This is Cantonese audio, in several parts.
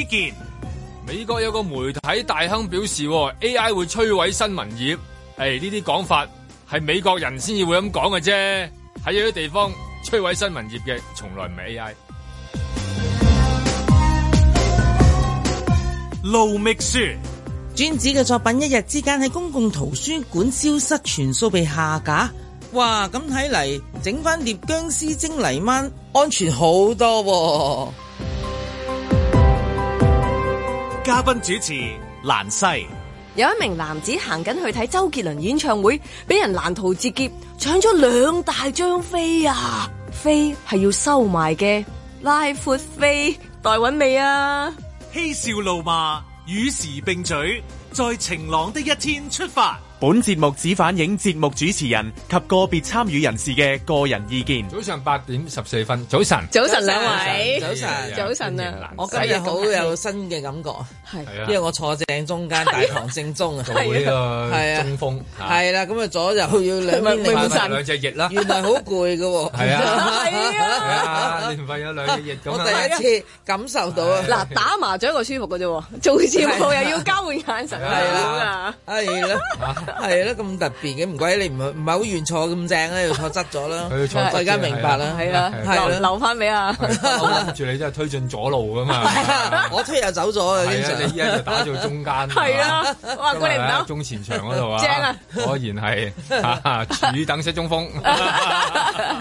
呢件美國有個媒體大亨表示，AI 會摧毀新聞業。誒、哎，呢啲講法係美國人先至會咁講嘅啫。喺有啲地方摧毀新聞業嘅，從來唔係 AI。盧覓雪，專子嘅作品一日之間喺公共圖書館消失，全數被下架。哇，咁睇嚟整翻碟薑絲蒸泥鯭，安全好多，啊。嘉賓主持蘭西，有一名男子行緊去睇周杰倫演唱會，俾人攔途截劫，搶咗兩大張飛啊！飛係要收埋嘅，拉闊飛，代韻味啊？嬉笑怒罵，與時並舉，在晴朗的一天出發。本節目只反映節目主持人及個別參與人士嘅個人意見。早上八點十四分，早晨，早晨兩位，早晨，早晨啊！我今日好有新嘅感覺，係，因為我坐正中間大堂正中啊，係啊，中鋒，係啦，咁啊左右要兩，唔係，唔係，兩隻翼啦，原嚟好攰噶喎，係啊，係啊，係啊，原嚟有兩隻翼，我第一次感受到啊！嗱，打麻雀個舒服噶啫，做節目又要交換眼神，係啦，係啦。係咯，咁特別嘅，唔怪你唔唔係好願坐咁正咧，又坐側咗啦。我而家明白啦，係啊，係啦，留翻俾啊，跟住你真係推進咗路噶嘛。我推又走咗啊！你依家就打到中間，係啊，哇！估你唔啱，中前場嗰度啊，正啊！果然係啊，等失中鋒。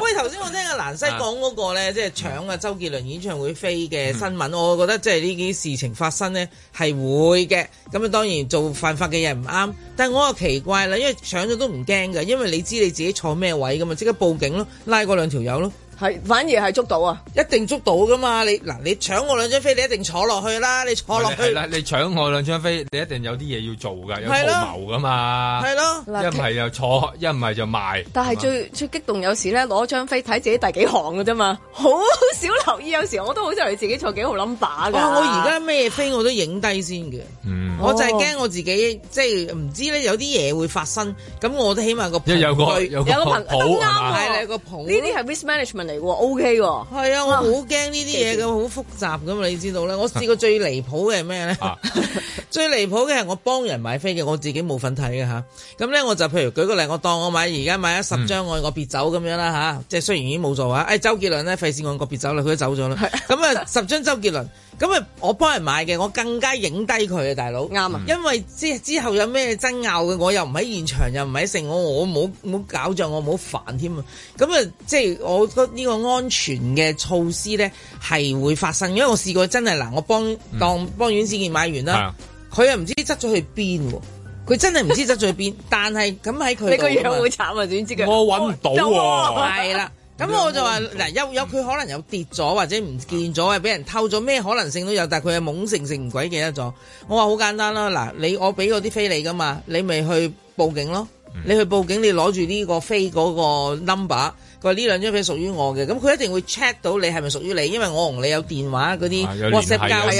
喂，頭先我聽阿蘭西講嗰個咧，即係搶啊周杰倫演唱會飛嘅新聞，我覺得即係呢件事情發生呢，係會嘅。咁啊當然做犯法嘅嘢唔啱，但係我啊期。奇怪啦，因為上咗都唔驚噶，因為你知你自己坐咩位㗎嘛，即刻報警咯，拉過兩條友咯。係反而係捉到啊！一定捉到噶嘛？你嗱，你搶我兩張飛，你一定坐落去啦！你坐落去啦！你搶我兩張飛，你一定有啲嘢要做噶，有圖謀噶嘛？係咯，一唔係就坐，一唔係就賣。但係最最激動有時咧，攞張飛睇自己第幾行噶啫嘛，好少留意。有時我都好中你自己坐幾號 number 噶、哦。我而家咩飛我都影低先嘅，嗯、我就係驚我自己即係唔知咧有啲嘢會發生。咁我都起碼個有有個有個好啱啊！有個譜，呢啲係 risk management。嚟喎，OK 喎，係 啊，我好驚呢啲嘢咁，好複雜咁你知道咧？我試過最離譜嘅係咩咧？ 最離譜嘅係我幫人買飛嘅，我自己冇份睇嘅吓。咁咧我就譬如舉個例，我當我買而家買咗十張愛我別走咁樣啦吓。即係雖然已經冇做位。誒，周杰倫咧，費事愛我別走啦，佢都走咗啦。咁、嗯、啊， 十張周杰倫。咁啊，我幫人買嘅，我更加影低佢啊，大佬。啱啊、嗯，因為之之後有咩爭拗嘅，我又唔喺現場，又唔喺成我，我冇冇搞象，我冇煩添啊。咁啊，即係我覺得呢個安全嘅措施咧，係會發生，因為我試過真係嗱、啊，我幫當幫阮子健買完啦，佢又唔知執咗去邊喎，佢真係唔知執咗去邊。 但係咁喺佢，你個樣好慘啊，點知？咁、啊，我揾唔到喎，係啦。咁我就話嗱，有有佢可能有跌咗，或者唔見咗，又俾人偷咗，咩可能性都有。但係佢又懵成成唔鬼記得咗。我話好簡單啦，嗱，你我俾嗰啲飛你㗎嘛，你咪去報警咯。嗯、你去報警，你攞住呢個飛嗰個 number，佢話呢兩張飛屬於我嘅。咁佢一定會 check 到你係咪屬於你，因為我同你有電話嗰啲，WhatsApp 交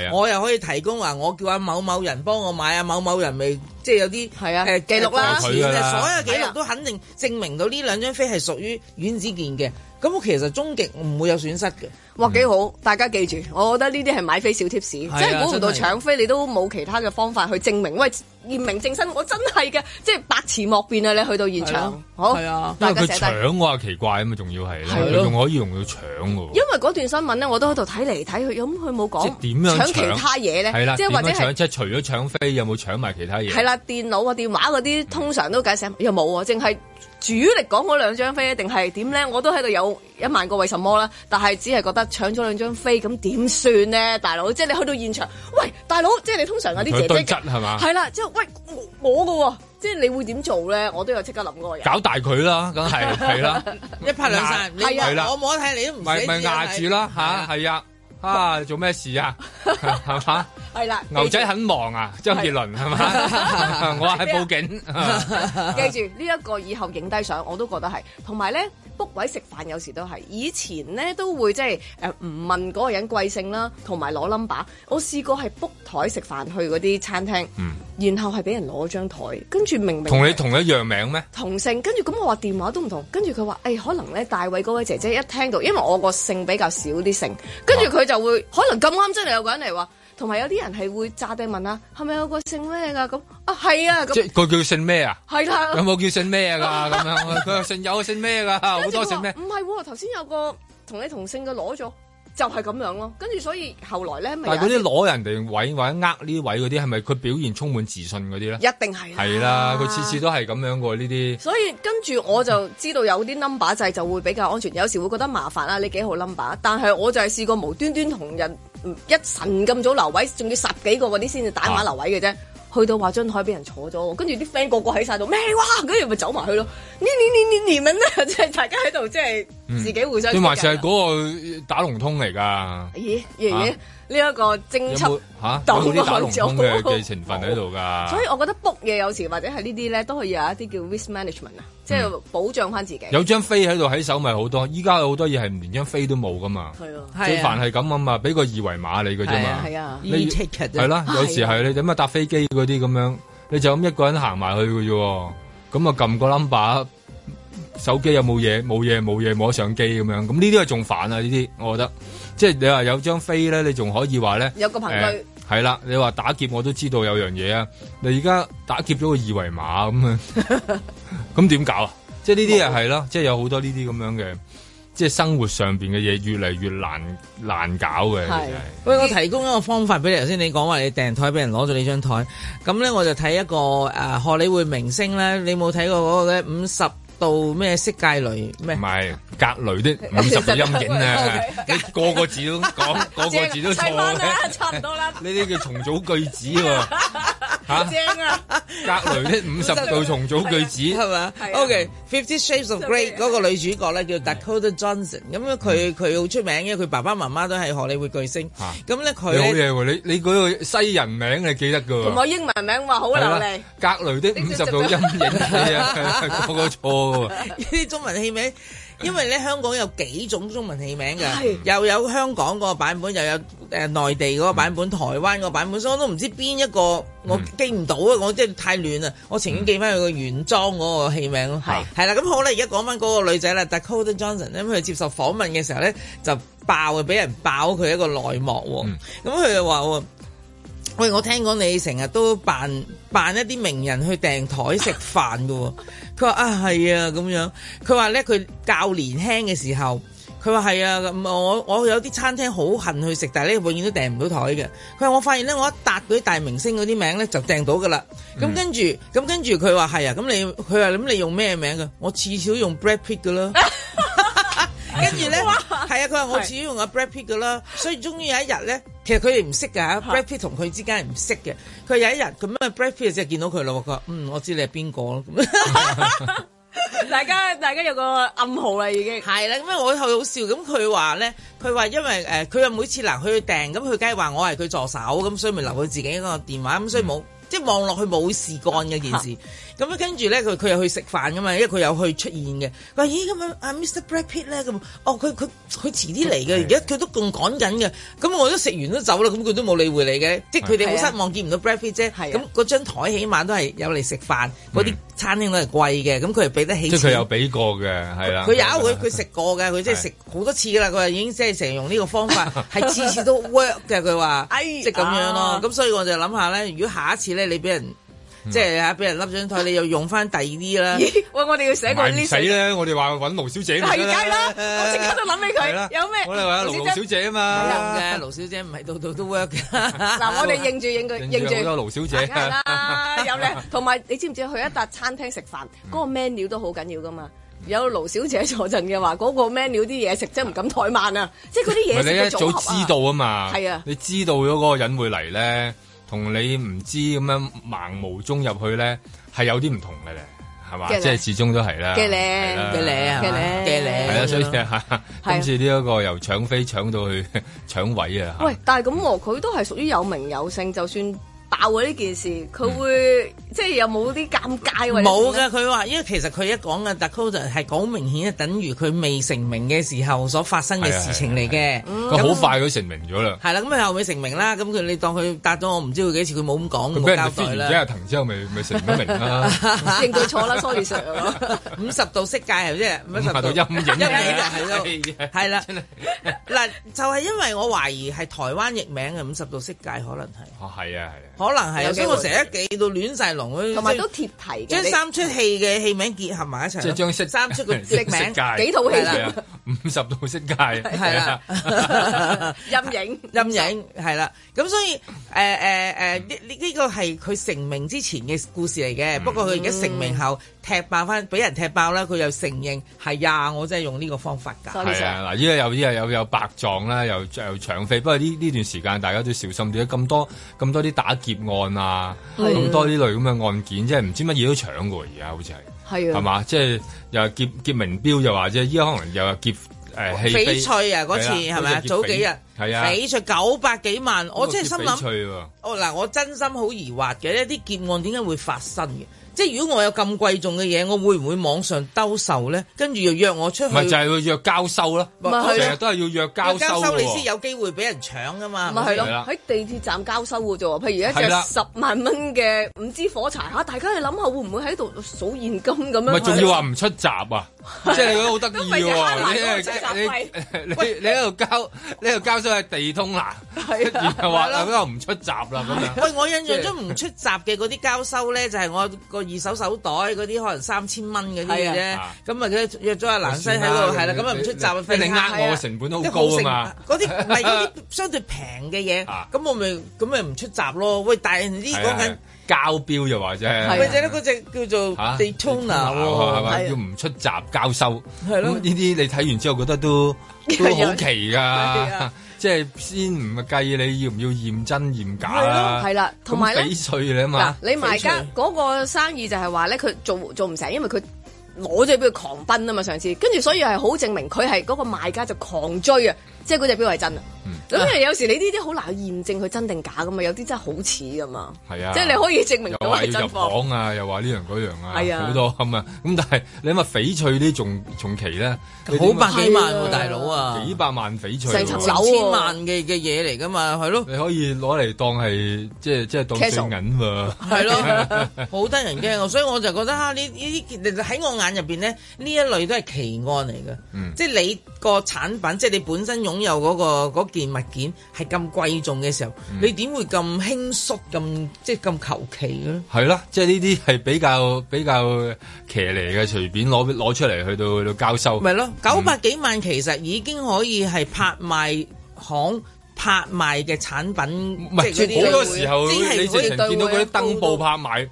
又，我又可以提供話我叫阿某某人幫我買啊，某某人未。即係有啲係記錄啦，啊、所有記錄都肯定證明到呢兩張飛係屬於阮子健嘅。咁我、啊、其實終極唔會有損失嘅。哇，幾好！大家記住，我覺得呢啲係買飛小貼士，啊、即係估唔到搶飛你都冇其他嘅方法去證明。喂！驗明正身，我真係嘅，即係百辭莫辯啊！你去到現場，啊、好，但係佢搶我奇怪咁嘛？仲要係咧，仲、啊、可以用到搶喎。因為嗰段新聞咧，我都喺度睇嚟睇去，咁佢冇講搶其他嘢咧、啊，即係或者即係除咗搶飛，有冇搶埋其他嘢？係啦、啊，電腦啊、電話嗰啲通常都解釋，嗯、又冇啊，淨係主力講嗰兩張飛，定係點咧？我都喺度有一萬個為什麼啦，但係只係覺得搶咗兩張飛，咁點算呢？大佬？即係你去到現場，喂，大佬，即係你通常嗰啲姐姐係啦，即係、嗯。喂，我嘅即係你會點做咧？我都有即刻諗嗰個人，搞大佢啦，梗係係啦，一拍兩散係啦，我冇睇你都唔係咪壓住啦吓？係啊，啊做咩事啊？係嘛？係啦，牛仔很忙啊，周杰倫係嘛？我係報警！記住呢一個以後影低相，我都覺得係，同埋咧。book 位食飯有時都係，以前咧都會即係誒唔問嗰個人貴姓啦，同埋攞 number。我試過係 book 台食飯去嗰啲餐廳，嗯、然後係俾人攞張台，跟住明明同你同一樣名咩？同姓，跟住咁我話電話都唔同，跟住佢話誒可能咧大偉嗰位姐姐一聽到，因為我個姓比較少啲姓，跟住佢就會、啊、可能咁啱真係有個人嚟話。同埋有啲人係會炸地問啊，係咪有個姓咩噶咁啊？係啊，即係佢叫姓咩啊？係啦、啊，有冇叫姓咩噶咁樣？佢又姓有，姓咩噶好多姓咩？唔係，頭先、啊、有個同你同姓嘅攞咗。就係咁樣咯，跟住所以後來咧，咪嗰啲攞人哋位或者呃呢位嗰啲，係咪佢表現充滿自信嗰啲咧？一定係係啦，佢次次都係咁樣喎呢啲。所以跟住我就知道有啲 number 掣就會比較安全，有時會覺得麻煩啦，你幾號 number？但係我就係試過無端端同人一晨咁早留位，仲要十幾個嗰啲先至打電話留位嘅啫。去到話張台俾人坐咗，跟住啲 friend 個個喺晒度咩哇！跟住咪走埋去咯，你你你你你問啊，即 係大家喺度，即係自己互相。你話似係嗰個打龍通嚟㗎？咦，爺爺。呢一個徵測度嘅成分喺度噶，所以我覺得 book 嘢有時或者係呢啲咧都可以有一啲叫 risk management 啊、嗯，即係保障翻自己。有張飛喺度喺手咪好多，依家好多嘢係連張飛都冇噶嘛。係啊，最煩係咁啊嘛，俾個二維碼你嘅啫嘛。係啊，呢 ticket 係啦，有時係你點樣搭飛機嗰啲咁樣，你就咁一個人行埋去嘅啫喎，咁啊撳個 number，手機有冇嘢？冇嘢冇嘢，冇得上機咁樣。咁呢啲係仲煩啊！呢啲我覺得。即係你話有張飛咧，你仲可以話咧有個頻率？係啦、欸。你話打劫，我都知道有樣嘢啊。你而家打劫咗個二維碼咁啊，咁點 搞啊？即係呢啲又係咯，即係有好多呢啲咁樣嘅，即係生活上邊嘅嘢越嚟越難難搞嘅。是喂，我提供一個方法俾你。頭先你講話你訂台俾人攞咗你張台，咁咧我就睇一個誒荷里活明星咧，你冇睇過嗰個咧五十。到咩色界雷咩？唔係格雷啲五十個陰影啊！ 你個個字都講， 個個字都錯嘅，差唔多啦。呢啲叫重組句子喎 嚇！格雷蛤 的五十度重組句子係嘛 ？OK，Fifty Shades of Grey Okay ,嗰個女主角咧叫 Dakota Johnson，咁佢佢好出名，因為佢爸爸媽媽都係荷里活巨星。咁咧佢，嘢他你好、哦、你嗰個西人名你記得㗎喎？同埋英文名話好流利。格雷 的五十度陰影係啊，係我 個錯喎。呢啲 中文戲名。因為咧，香港有幾種中文戲名嘅，是又有香港嗰個版本，又有誒、呃、內地嗰個版本，嗯、台灣個版本，所以我都唔知邊一個，我記唔到啊！我即係、嗯、太亂啦，我情願記翻佢個原裝嗰個戲名咯。係係啦，咁好啦，而家講翻嗰個女仔啦，但係 Cody Johnson 咧，佢接受訪問嘅時候咧，就爆啊，俾人爆佢一個內幕喎。咁、哦、佢、嗯、就話喎。喂，我聽講你成日都扮扮一啲名人去訂台食飯噶喎。佢話啊，係啊咁樣。佢話咧，佢較年輕嘅時候，佢話係啊咁。我我有啲餐廳好恨去食，但係咧，永遠都訂唔到台嘅。佢話我發現咧，我一搭嗰啲大明星嗰啲名咧就訂到噶啦。咁、嗯、跟住咁跟住佢話係啊。咁你佢話咁你用咩名噶？我至少用 Brad Pitt 噶囉。 跟住咧，係 啊，佢話我始用個 Brad Pitt 嘅啦。所以終於有一日咧，其實佢哋唔識噶 ，Brad Pitt 同佢之間唔識嘅，佢有一日咁啊，Brad Pitt 就即係見到佢咯，佢話嗯，我知你係邊個咯， 大家大家有個暗號啦，已經係啦，咁 啊後我後尾好笑，咁佢話咧，佢話因為誒，佢、呃、又每次嗱佢去訂，咁佢梗係話我係佢助手，咁所以咪留佢自己一個電話，咁、 嗯、所以冇即係望落去冇事幹嘅件事。 咁跟住咧，佢佢又去食飯噶嘛，因為佢有去出現嘅。佢話咦，咁、啊、樣阿 Mr. Brad Pitt 咧咁，哦，佢佢佢遲啲嚟嘅，而家佢都咁趕緊嘅。咁我都食完都走啦，咁佢都冇理會你嘅，即係佢哋好失望，的見唔到 Brad Pitt 啫。咁嗰的、嗯、張台起碼都係有嚟食飯，嗰啲餐廳都係貴嘅，咁佢又俾得起錢。即係佢有俾過嘅，係啦。佢有，佢佢食過嘅，佢即係食好多次㗎啦。佢已經即係成日用呢個方法，係次 次都 work 嘅。佢話，即係咁樣咯。咁、哎、呀所以我就諗下咧，如果下一次咧，你俾人。即係啊！俾人笠張台，你又用翻第二啲啦。咦？ 喂，我哋要寫個唔死咧。我哋話揾盧小姐。係梗係啦，我即刻都諗起佢有咩？我嚟啊，盧小姐啊嘛。係啊， 盧小姐唔係度度都 work 嘅。嗱，我哋認住認佢，認住有盧小姐。梗係啦，有你。同埋 你知唔知去一笪餐廳食飯，嗰、嗰個 menu 都好緊要噶嘛。有盧小姐坐陣嘅話，嗰、嗰個 menu 啲嘢食真係唔敢怠慢啊。即係嗰啲嘢先你一早知道啊嘛？係啊，你知道咗嗰個人會嚟咧。同你唔知咁樣盲無中入去咧，係有啲唔同嘅咧，係嘛？即係始終都係啦，嘅你，嘅你，啊，嘅你。嘅你。係啊，所以啊，今次呢一個由搶飛搶到去搶位啊。喂，但係咁喎，佢都係屬於有名有姓，就算。教嘅呢件事，佢會即係有冇啲尷尬。冇㗎，佢話因為其實佢一講嘅達哥就係好明顯，等於佢未成名嘅時候所發生嘅事情嚟嘅。佢好快佢成名咗啦。係啦，咁後尾成名啦。咁佢你當佢答咗我唔知幾多次，佢冇咁講，冇交代啦。即係騰之後，咪咪成名啦。認到錯啦，sorry sir。五十度色界係咪先？五十度陰影陰影係咯，係啦。嗱，就係因為我懷疑係台灣譯名嘅五十度色界，可能係。哦，係啊，係。可能係，所以我成日記到亂晒龍，同埋都貼題，將三出戲嘅戲名結合埋一齊，即係食三出嘅戲名幾套戲啦，五十套色戒，係啦，陰影陰影係啦，咁所以誒誒誒呢呢呢個係佢成名之前嘅故事嚟嘅，不過佢而家成名後。踢爆翻，俾人踢爆啦！佢又承認係呀，我真係用呢個方法㗎。係啊，嗱，依家又依家又又白撞啦，又又搶匪。不過呢呢段時間，大家都要小心啲。咁多咁多啲打劫案啊，咁多呢類咁嘅案件，即係唔知乜嘢都搶㗎喎。而家好似係係啊，係嘛？即係又劫劫名錶，又或者，依家可能又劫誒翡翠啊！嗰次係咪早幾日？係啊，翡翠九百幾萬，我真係心諗翡翠哦。嗱，我真心好疑惑嘅，呢啲劫案點解會發生嘅？即係如果我有咁貴重嘅嘢，我會唔會網上兜售咧？跟住又約我出去，咪就係去約交收咯。唔係，成日都係要約交收，交收你先有機會俾人搶噶嘛。咪係咯，喺地鐵站交收嘅啫。譬如一隻十萬蚊嘅五支火柴，吓大家去諗下，會唔會喺度數現金咁樣？咪仲要話唔出閘啊？即係你覺得好得意喎！你你你喺度交你喺度交收係地通拿，而係話嗰又唔出閘啦。喂，我印象中唔出閘嘅嗰啲交收咧，就係我個二手手袋嗰啲可能三千蚊嗰啲嘅啫。咁啊，佢約咗阿蘭西喺度，係啦，咁啊唔出閘，你呃我嘅成本都好高啊嘛！嗰啲唔係嗰啲相對平嘅嘢，咁我咪咁咪唔出閘咯。喂，但係啲講緊。交標又或者，咪就係咧嗰隻叫做迪通拿啦，係嘛，要唔出閘交收，係咯，呢啲你睇完之後覺得都好奇噶，即係先唔計你要唔要驗真驗假啦，係啦，同埋咧畀稅你啊嘛，你賣家嗰個生意就係話咧，佢做做唔成，因為佢攞咗去俾佢狂奔啊嘛，上次跟住所以係好證明佢係嗰個賣家就狂追啊。即係嗰隻錶係真啊？咁因為有時你呢啲好難去驗證佢真定假噶嘛？有啲真係好似噶嘛。係啊，即係你可以證明到係真貨。講啊，又話呢樣嗰樣啊，好多咁啊。咁但係你諗下翡翠呢？重重期啦，好百幾萬大佬啊，幾百萬翡翠，成千萬嘅嘅嘢嚟噶嘛？係咯，你可以攞嚟當係即係即係當證銀喎。係咯，好得人驚啊！所以我就覺得嚇呢呢啲喺我眼入邊咧，呢一類都係奇案嚟噶。嗯，即係你個產品，即係你本身擁。擁有嗰個嗰件物件係咁貴重嘅時候，你點會咁輕鬆，咁即係咁求其咧？係啦，即係呢啲係比較比較騎呢嘅，隨便攞攞出嚟，去到去到交收。係咯，九百幾萬其實已經可以係拍賣行拍賣嘅產品，唔係好多時候你你之前見到嗰啲登報拍賣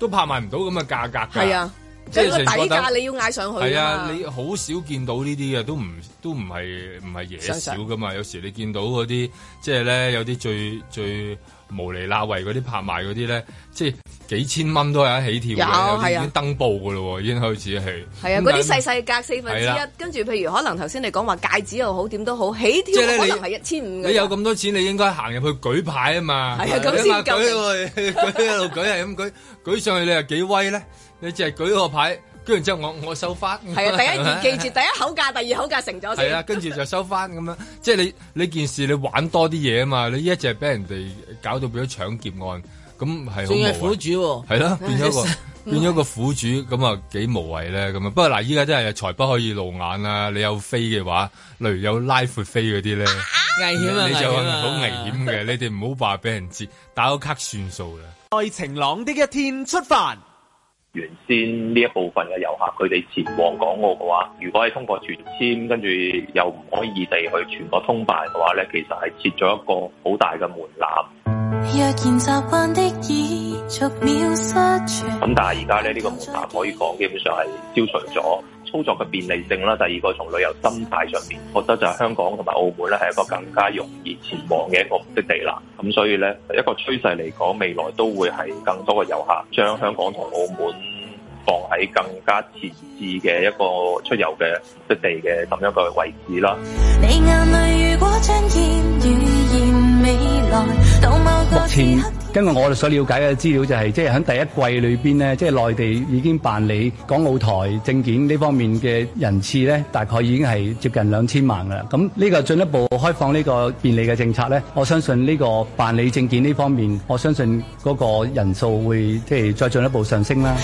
都拍賣唔到咁嘅價格噶。即係個底價你要嗌上去。係啊，你好少見到呢啲嘅，都唔都唔係唔係嘢少㗎嘛。有時你見到嗰啲即係咧，有啲最最無厘啦，為嗰啲拍賣嗰啲咧，即係幾千蚊都有一起跳，有已經登報噶咯，已經開始係。係啊，嗰啲細細格四分之一，跟住譬如可能頭先你講話戒指又好，點都好，起跳可能係一千五嘅。你有咁多錢，你應該行入去舉牌啊嘛。係啊，咁先舉，舉一路舉係咁舉，舉上去你係幾威咧？你淨係舉個牌，跟住之後我我收翻，係啊，吧第一次記住第一口價，第二口價成咗先。係啊，跟住就收翻咁 樣，即係你你件事你玩多啲嘢啊嘛！你一直係俾人哋搞到變咗搶劫案，咁係仲係苦主。係咯，變咗個變咗個苦主，咁啊幾無謂咧咁啊！不過嗱，依家真係財不可以露眼啊！你有飛嘅話，例如有拉闊飛嗰啲咧， 危險啊你就好危險嘅， 你哋唔好話俾人知，打個卡算數啦。在晴朗的一天出發。原先呢一部分嘅遊客，佢哋前往港澳嘅話，如果係通過全簽，跟住又唔可以地去全國通辦嘅話咧，其實係設咗一個好大嘅門檻。咁但係而家咧，呢、呢個門檻可以講基本上係消除咗。操作嘅便利性啦，第二個從旅遊心態上面，覺得就係香港同埋澳門咧係一個更加容易前往嘅一個目的地啦。咁所以咧，一個趨勢嚟講，未來都會係更多嘅遊客將香港同澳門放喺更加前置嘅一個出遊嘅目的地嘅咁樣嘅位置啦。 前，根據我哋所了解嘅資料，就是，就係即係喺第一季裏邊咧，即、就、係、是、內地已經辦理港澳台證件呢方面嘅人次咧，大概已經係接近兩千萬㗎啦。咁呢個進一步開放呢個便利嘅政策咧，我相信呢個辦理證件呢方面，我相信嗰個人數會即係、就是、再進一步上升啦。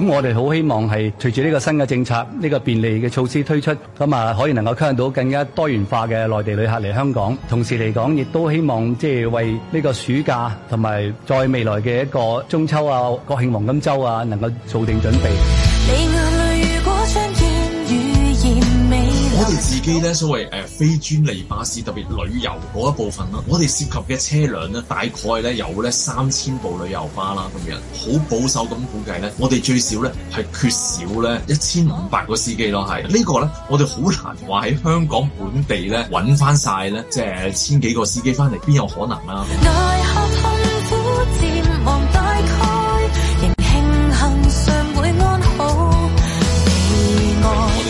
咁我哋好希望係隨住呢個新嘅政策，呢個便利嘅措施推出，咁啊可以能夠吸引到更加多元化嘅內地旅客嚟香港。同時嚟講，亦都希望即係為呢個暑假同埋在未來嘅一個中秋啊、國慶黃金週啊，能夠做定準備。我哋自己呢，所謂誒非專利巴士，特別旅遊嗰一部分啦。我哋涉及嘅車輛呢，大概呢有呢三千部旅遊巴啦，咁樣好保守咁估計呢，我哋最少呢係缺少呢一千五百個司機咯，係呢、這個呢，我哋好難話喺香港本地呢揾翻晒呢，即係千幾個司機翻嚟，邊有可能啊？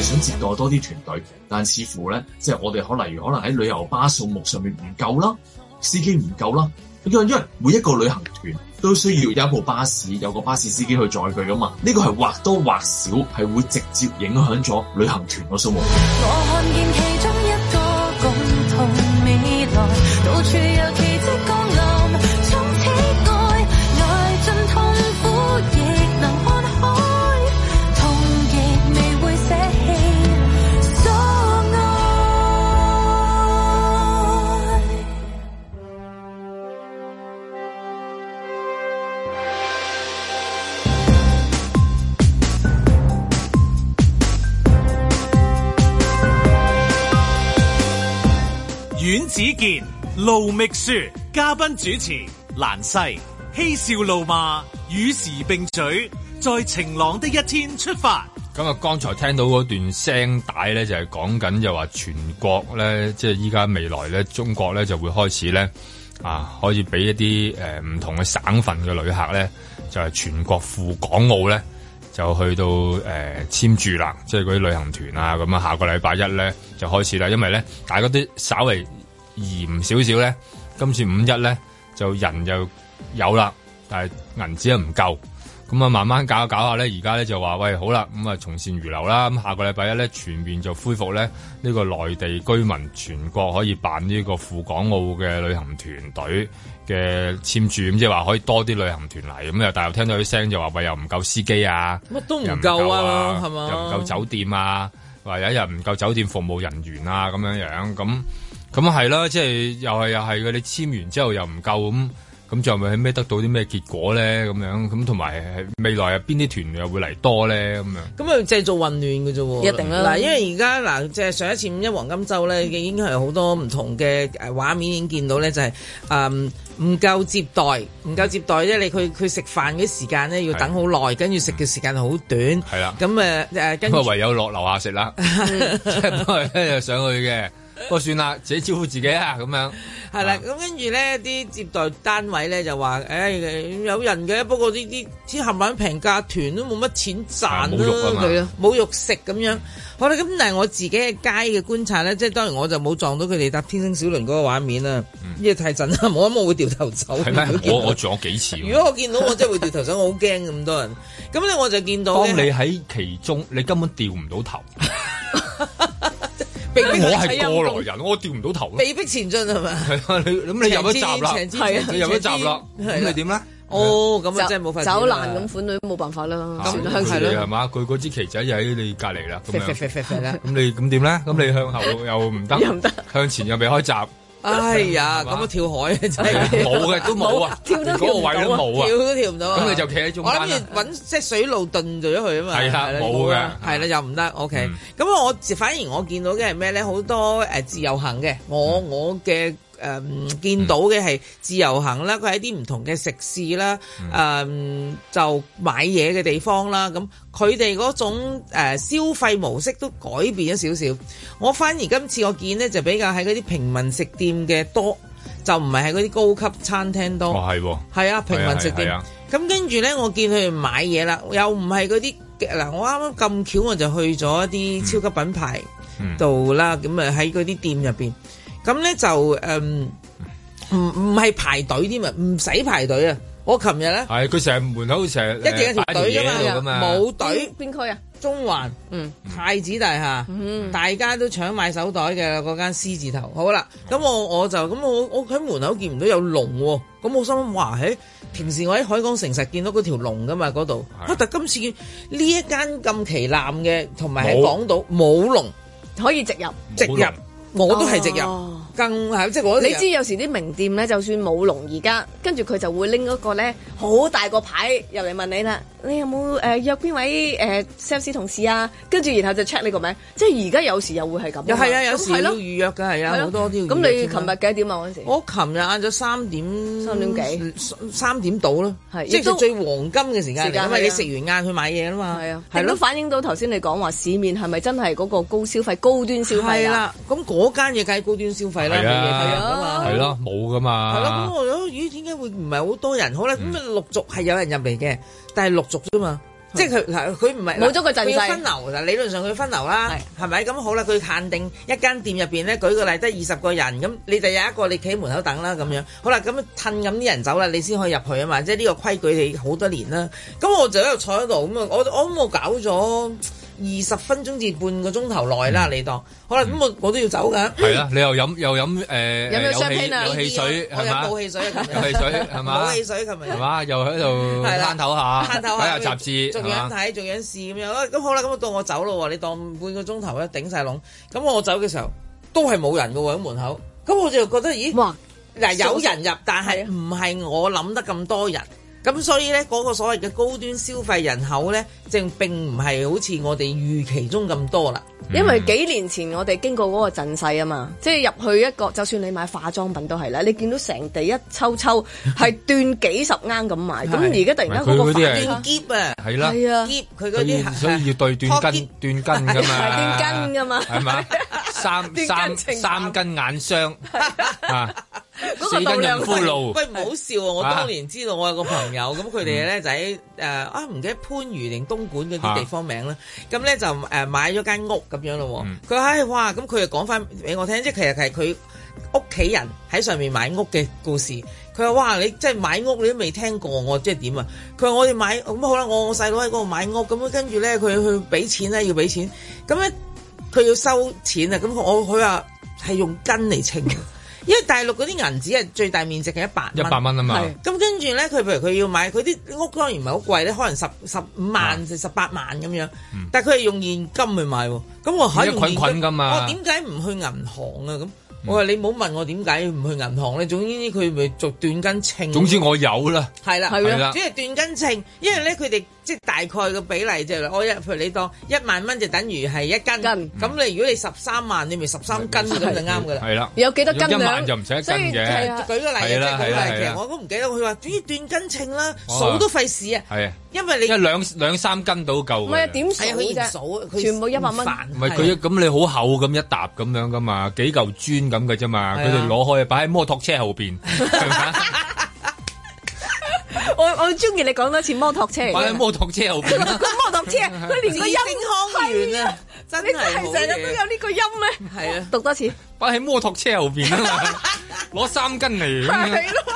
想接待多啲團隊，但似乎咧，即係我哋可能，可能喺旅遊巴數目上面唔夠啦，司機唔夠啦。因因為每一個旅行團都需要有一部巴士，有個巴士司機去載佢噶嘛，呢個係或多或少係會直接影響咗旅行團個數目。我看見其中一個共同未來阮子健、盧覓雪，嘉賓主持蘭西，嬉笑怒罵，與時並舉，在晴朗的一天出發。咁啊，剛才聽到嗰段聲帶咧，就係講緊就話全國咧，即係依家未來咧，中國咧就會開始咧，啊，可以俾一啲誒唔同嘅省份嘅旅客咧，就係、是、全國赴港澳咧，就去到誒簽注啦，即係嗰啲旅行團啊，咁、嗯、啊，下個禮拜一咧就開始啦，因為咧，大家啲稍為。嚴少少咧，今次五一咧就人就有啦，但係銀紙啊唔夠，咁啊慢慢搞搞下咧，而家咧就話喂好啦，咁啊從善如流啦，咁下個禮拜一咧全面就恢復咧呢個內地居民全國可以辦呢個赴港澳嘅旅行團隊嘅簽注，咁即係話可以多啲旅行團嚟，咁又大又聽到啲聲就話喂又唔夠司機啊，乜都唔夠啊，係嘛、啊，嗎又唔夠酒店啊，話有一日唔夠酒店服務人員啊咁樣樣咁。咁、嗯、啊，係啦，即係又係又係嘅。你簽完之後又唔夠咁，咁咪係咩得到啲咩結果咧？咁樣咁，同埋未來係邊啲團又會嚟多咧？咁樣咁啊，製、嗯、做混亂嘅啫。一定啦。嗱，因為而家嗱，即、嗯、係、就是、上一次五一黃金周咧，已經係好多唔同嘅誒畫面已經見到咧，就係誒唔夠接待，唔夠接待啫。你去去食飯嘅時間咧要等好耐，跟住食嘅時間好短。係啦的。咁誒誒，跟、嗯。咁、嗯、啊，唯、嗯嗯嗯、有落樓下食啦。即係唔係咧？上去嘅。不過算啦，自己招呼自己啦，咁樣。係啦，咁跟住咧，啲接待單位咧就話，誒，有人嘅，不過呢啲啲冚唪唥平價團都冇乜錢賺啦，冇肉食咁樣。好啦，咁但係我自己嘅街嘅觀察咧，即係當然我就冇撞到佢哋搭天星小輪嗰個畫面啦，因為太震撼，我冇會掉頭走。係咪？我我撞咗幾次。如果我見到我真係會掉頭走，我好驚咁多人。咁咧我就見到。當你喺其中，你根本掉唔到頭。我係過來人，我調唔到頭。被逼前進，係咪？係啊、 嗯，你咁你入咗閘啦，你入咗閘啦，你點咧？哦，咁啊真係冇辦法走難咁款女冇辦法啦，咁向住係嘛？佢嗰支旗仔又喺你隔籬啦，咁 你咁點咧？咁你向後又唔得， 又唔得 向前又未開閘。哎呀！咁啊跳海真係冇嘅，都冇啊，跳個位都冇啊，跳都跳唔到啊。咁佢就企喺中間。我諗住揾即係水路遁咗去啊嘛，係冇嘅，係啦，又唔得。O K，咁我反而我見到嘅係咩咧？好多誒自由行嘅，我我嘅。誒、嗯、見到嘅係自由行啦，佢喺啲唔同嘅食肆啦，誒、嗯嗯、就買嘢嘅地方啦，咁佢哋嗰種、呃、消費模式都改變咗少少。我反而今次我見呢，就比較喺嗰啲平民食店嘅多，就唔係喺嗰啲高級餐廳多。哦，係、哦、啊，平民食店。咁、啊啊啊、跟住呢，我見佢哋買嘢啦，又唔係嗰啲。嗱，我啱啱咁巧我就去咗一啲超級品牌度啦、嗯，咁啊喺嗰啲店入邊。咁咧就誒，唔唔係排隊添啊，唔使排隊啊！我琴日咧係佢成日門口成日，一定有條隊噶嘛，冇隊邊區啊？中環，嗯，太子大廈。嗯、大家都搶買手袋嘅嗰間獅字頭。好啦，咁我我就咁我我喺門口見唔到有龍、哦，咁我心諗話，誒，平時我喺海港城實見到嗰條龍噶嘛，嗰度的、啊，但今次呢一間咁旗艦嘅，同埋喺港島冇龍可以直入，直龍入。我都係直入。更係即係我，你知有時啲名店咧，就算冇龍而家，跟住佢就會拎一個咧好大個牌入嚟問你啦。你有冇誒約邊位誒 sales 同事啊？跟住然後就 check 你個名。即係而家有時又會係咁。又係啊，有時要預約㗎，係啊，好多啲。咁你琴日幾點啊嗰陣時？我琴日晏咗三點，三點幾，三點到啦。係，即係最黃金嘅時間，因為你食完晏去買嘢吖嘛。係啊，亦都反映到頭先你講話市面係咪真係嗰個高消費、高端消費啊？係啦，咁嗰間嘢梗係高端消費。係啦，係咯，冇噶嘛。係咯的，咁的我，咦，點解會唔係好多人？好咧，咁啊陸續係有人入嚟嘅，但係陸續啫嘛，即係佢佢唔係冇咗個陣勢，佢要分流。嗱，理論上佢要分流啦，係咪的？咁好啦，佢限定一間店入邊咧，舉個例得二十個人，咁你就有一個你企喺門口等啦，咁樣好啦，咁趁咁啲人走啦，你先可以入去啊嘛。即係呢個規矩，你好多年啦。咁我就喺度坐喺度，咁啊，我我咁我搞咗。二十分鐘至半個鐘頭內啦，你當好啦，咁我我都要走噶。係啦，你又飲又飲誒，有汽有汽水，嚇嘛？有冇汽水？有汽水係嘛？冇汽水，琴日係嘛？又喺度攤唞下，攤唞下睇下雜誌，仲樣睇，仲樣試咁樣。咁好啦，咁到我走咯喎，你當半個鐘頭咧頂晒籠。咁我走嘅時候都係冇人嘅喎，喺門口。咁我就覺得咦，嗱有人入，但係唔係我諗得咁多人。咁所以咧，嗰個所謂嘅高端消費人口咧，正並唔係好似我哋預期中咁多啦。因為幾年前我哋經過嗰個陣勢啊嘛，即係入去一個，就算你買化妝品都係啦，你見到成地一抽抽，係斷幾十盎咁買。咁而家突然間嗰個斷結啊，係啦，係啊，佢嗰啲所以要對斷根，斷根㗎嘛，斷根㗎嘛，係咪，三三三根眼霜啊！嗰個度量夫喂唔好笑。 我當年知道我有個朋友，咁佢哋咧就喺誒啊唔、 嗯啊、記得番禺定東莞嗰啲地方名啦。咁咧、啊、就誒買咗間屋咁樣咯。佢話、嗯：唉、哎，哇！咁佢又講翻俾我聽，即係其實係佢屋企人喺上面買屋嘅故事。佢話：哇！你即係買屋你都未聽過我，即係點啊？佢話：我哋買咁好啦，我我細佬喺嗰度買屋，咁跟住咧佢去俾錢咧要俾錢，咁咧佢要收錢啊！咁我佢話係用斤嚟稱。 因為大陸嗰啲銀紙係最大面值係一百，一百蚊啊嘛。咁是跟住咧，佢譬如佢要買佢啲屋，當然唔係好貴咧，可能十十五萬至是十八萬咁樣。嗯、但係佢係用現金去買喎。咁我係用捆捆㗎嘛，我點解唔去銀行啊？咁我話、嗯、你冇問我點解唔去銀行咧，總之佢咪做斷根稱。總之我有啦，係啦，係啦，只係斷根稱，因為咧佢哋。即係大概個比例啫，我一譬如你當一萬蚊就等於係一斤，咁你如果你十三萬，你咪十三斤咁就啱噶啦。係啦，有幾多斤兩？一萬就唔使一斤嘅。舉個例啫，舉個例，其實我都唔記得。佢話主要斷斤秤啦，數都費事啊。係啊，因為你一兩兩三斤都夠。唔係啊，點數啊？佢全部一萬蚊。唔係佢一咁你好厚咁一沓咁樣噶嘛，幾嚿磚咁嘅啫嘛，佢哋攞開擺喺摩托車後邊。我我中意你講多次摩托，摩，托 摩托車，擺喺摩托車後邊。摩托車，佢連個音康遠啊！你真係成日都有呢個音咩？係啊，讀多次。擺喺摩托車後邊啊，攞三斤嚟咁樣。係咯，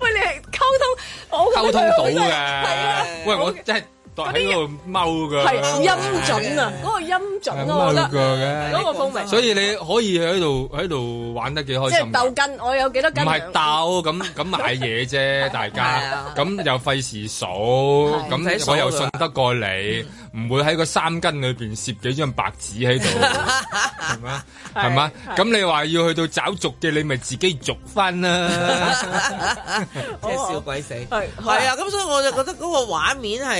喂，你係溝通，我溝通到嘅。啊、喂，我真係。 喺度踎㗎，係音準啊！嗰個音準咯，我覺得嗰個風味。所以你可以喺度喺度玩得幾開心。即係鬥斤，我有幾多斤？唔係鬥咁咁買嘢啫，大家咁又費時數，咁我又信得過你。唔會喺個三根裏邊攝幾張白紙喺度，係嘛係嘛？咁你話要去到找續嘅，你咪自己續翻啦，即係， 笑鬼死係係啊！咁所以我就覺得嗰個畫面係，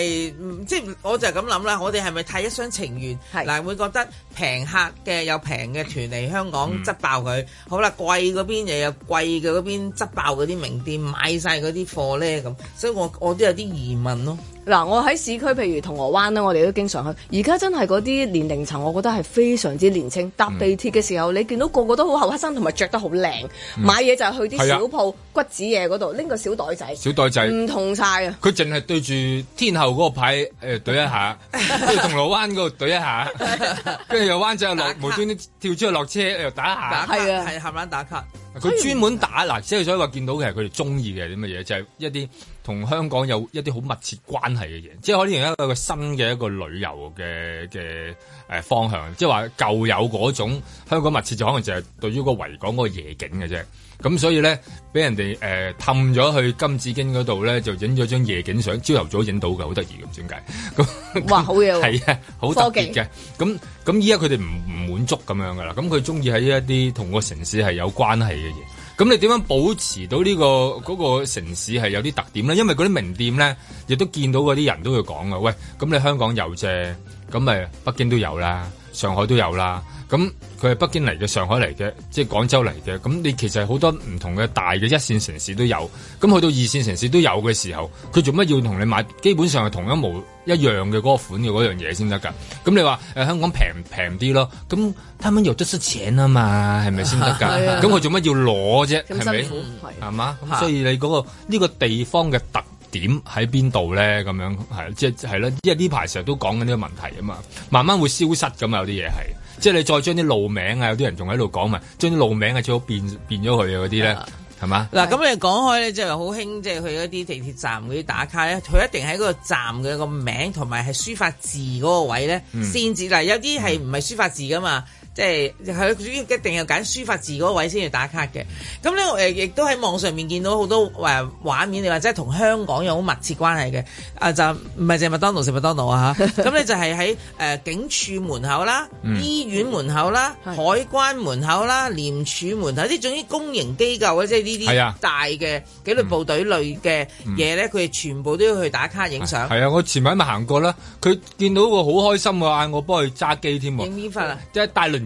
即、嗯、係我就係咁諗啦。我哋係咪太一廂情願？嗱，會覺得平客嘅有平嘅團嚟香港執爆佢，嗯、好啦，貴嗰邊又有貴嘅嗰邊執爆嗰啲名店，買晒嗰啲貨咧咁，所以我我都有啲疑問咯。嗱，我喺市區，譬如銅鑼灣咧，我哋都經常去。而家真係嗰啲年齡層，我覺得係非常之年輕。搭地鐵嘅時候，你見到個個都好後生，同埋着得好靚。買嘢就係去啲小鋪骨子嘢嗰度拎個小袋仔。小袋仔唔同晒啊！佢淨係對住天后嗰個牌誒，對一下，跟住銅鑼灣嗰度對一下，跟住又灣仔落無端端跳出去落車又打卡。係啊，係冚撚打卡。佢專門打嗱，即係所以話見到嘅，係佢哋中意嘅係啲乜嘢，就係、是、一啲同香港有一啲好密切關係嘅嘢，即係可以形容一個新嘅一個旅遊嘅嘅誒方向。即係話舊有嗰種香港密切，就可能就係對於個維港嗰個夜景嘅啫。咁所以咧，俾人哋誒氹咗去金紫荊嗰度咧，就影咗張夜景相，朝頭早影到嘅，好得意嘅，唔知點解。 哇，好嘢喎！係啊，好特別嘅。咁咁依家佢哋唔唔滿足咁樣嘅啦。咁佢中意喺一啲同個城市係有關係嘅嘢。咁你點樣保持到呢個嗰個城市係有啲特點咧？因為嗰啲名店咧，亦都見到嗰啲人都會講啊。喂，咁你香港有啫，咁咪北京都有啦。上海都有啦，咁佢係北京嚟嘅，上海嚟嘅，即係廣州嚟嘅，咁你其實好多唔同嘅大嘅一線城市都有，咁去到二線城市都有嘅時候，佢做乜要同你買？基本上係同一模一樣嘅嗰個款嘅嗰樣嘢先得㗎。咁你話誒香港平平啲咯，咁佢咪又得出錢啊嘛？係咪先得㗎？咁佢做乜要攞啫？係咪？係嘛、啊？咁、啊、所以你嗰個呢個地方嘅特。點喺邊度咧？咁樣係，即係咧，因為呢排成日都講緊呢個問題啊嘛，慢慢會消失咁啊，有啲嘢係，即係你再將啲路名啊，有啲人仲喺度講嘛，將啲路名啊最好變變咗佢啊，嗰啲咧係嘛？嗱是，咁你講開咧，即係好興，即係去一啲地鐵站嗰啲打卡咧，佢一定喺個站嘅個名同埋係書法字嗰個位咧，先至、嗯。字嗱，有啲係唔係書法字噶嘛？即係係佢一定要揀書法字嗰位先要打卡嘅。咁咧，誒亦都喺網上面見到好多誒畫面，你話即係同香港有好密切關係嘅。Onna, onna, 啊， 就唔係淨係麥當勞食麥當勞啊嚇。咁咧就係喺誒警署門口啦、嗯、醫院門口啦、嗯、海關門口啦、廉是署門口，啲總之公營機構咧，即係呢啲大嘅紀律部隊類嘅嘢咧，佢哋、嗯、全部都要去打卡影相。係啊，我前晚咪行過啦，佢見到個好開心我我啊，嗌我幫佢揸機添喎。影煙啊！即係大輪。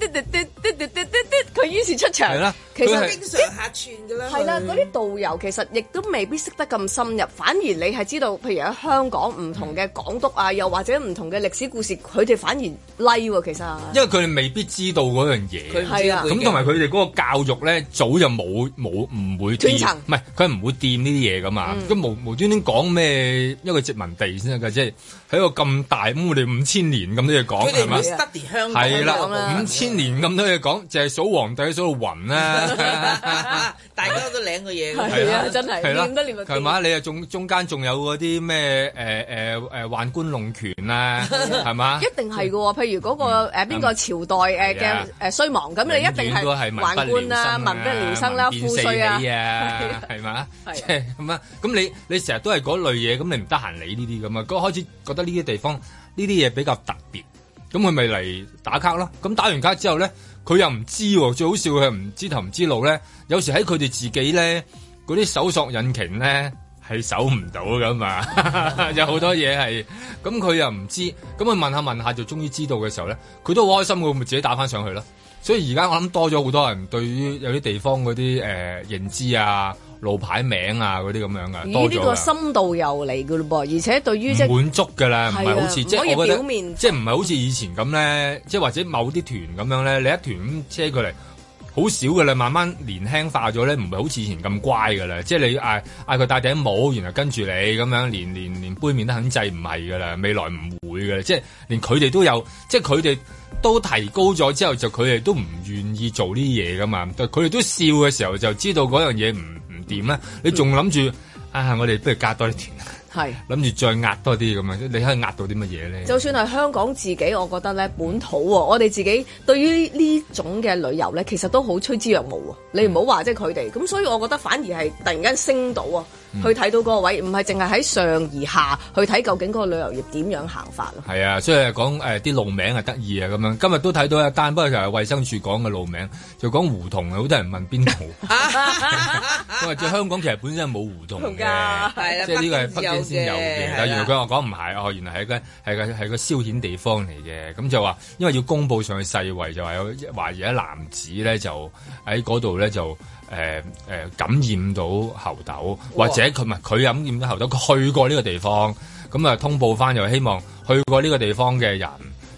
佢於是出場啦。其實經常客串噶啦，係啦，嗰啲導遊其實亦都未必識得咁深入，反而你係知道，譬如喺香港唔同嘅港督啊，又或者唔同嘅歷史故事，佢哋反而 like 喎。其實因為佢哋未必知道嗰樣嘢，係啊，咁同埋佢哋嗰個教育咧，早就冇冇唔會斷層，唔係佢唔會掂呢啲嘢噶嘛，咁無無端端講咩一個殖民地先得噶，即係喺個咁大咁，我哋五千年咁多嘢講，佢哋要 study 香港係啦，五千。年咁多嘢講，就係數皇帝數到暈啦！大家都領個嘢，真係。係咯，咁多年係嘛？你又仲中間仲有嗰啲咩誒誒誒宦官弄權啦，係嘛？一定係嘅喎，譬如嗰個誒邊個朝代誒嘅誒衰亡，咁你一定係宦官啦、民不聊生啦、賦稅啊，係嘛？係咁啊！咁你你成日都係嗰類嘢，咁你唔得閒理呢啲咁啊！嗰開始覺得呢啲地方呢啲嘢比較特別。.咁佢咪嚟打卡咯？咁打完卡之後咧，佢又唔知喎，最好笑佢唔知頭唔知路咧，有時喺佢哋自己咧嗰啲搜索引擎咧係搜唔到噶嘛， 有好多嘢係咁佢又唔知，咁佢問下問下就終於知道嘅時候咧，佢都好開心會唔會自己打翻上去咯。所以而家我諗多咗好多人對於有啲地方嗰啲誒認知啊。路牌名啊，嗰啲咁樣嘅多咗。呢個深度遊嚟嘅嘞噃，而且對於、即、滿足嘅啦，唔係的好似即係可以表面我覺得，即係唔係好似以前咁咧， 即係或者某啲團咁樣咧，你一團咁車佢嚟，好少嘅啦。慢慢年輕化咗咧，唔係好似以前咁乖嘅啦。即係你嗌嗌佢戴頂帽，然後跟住你咁樣，連連連杯麵都肯制唔係嘅啦。未來唔會嘅，即係連佢哋都有，即係佢哋都提高咗之後，就佢哋都唔願意做呢啲嘢嘅嘛。佢哋都笑嘅時候，就知道嗰樣嘢唔。點啦？你仲諗住啊？我哋不如多加多啲團，係諗住再壓多啲咁啊！你可以壓到啲乜嘢咧？就算係香港自己，我覺得咧本土喎、哦，我哋自己對於呢種嘅旅遊咧，其實都好趨之若鶩、哦、你唔好話即係佢哋，咁、嗯、所以我覺得反而係突然間升到啊、哦！去睇到嗰個位，唔係淨係喺上而下去睇究竟嗰個旅遊業點樣行法咯。係啊，所以講誒啲路名係得意啊咁樣。今日都睇到一單，但不過就係衛生署講嘅路名，就講胡同。好多人問邊度。我話， 即係香港其實本身冇胡同嘅，係即係呢個係北京先有嘅的的、啊。原來佢話講唔係哦，原來係一間係個係消遣地方嚟嘅。咁就話，因為要公佈上去世衛，就話有懷疑一男子咧，就喺嗰度咧就。誒誒、呃呃、感染到猴痘，哇或者佢唔係佢感染咗猴痘，佢去過呢個地方，咁啊通報翻，又希望去過呢個地方嘅人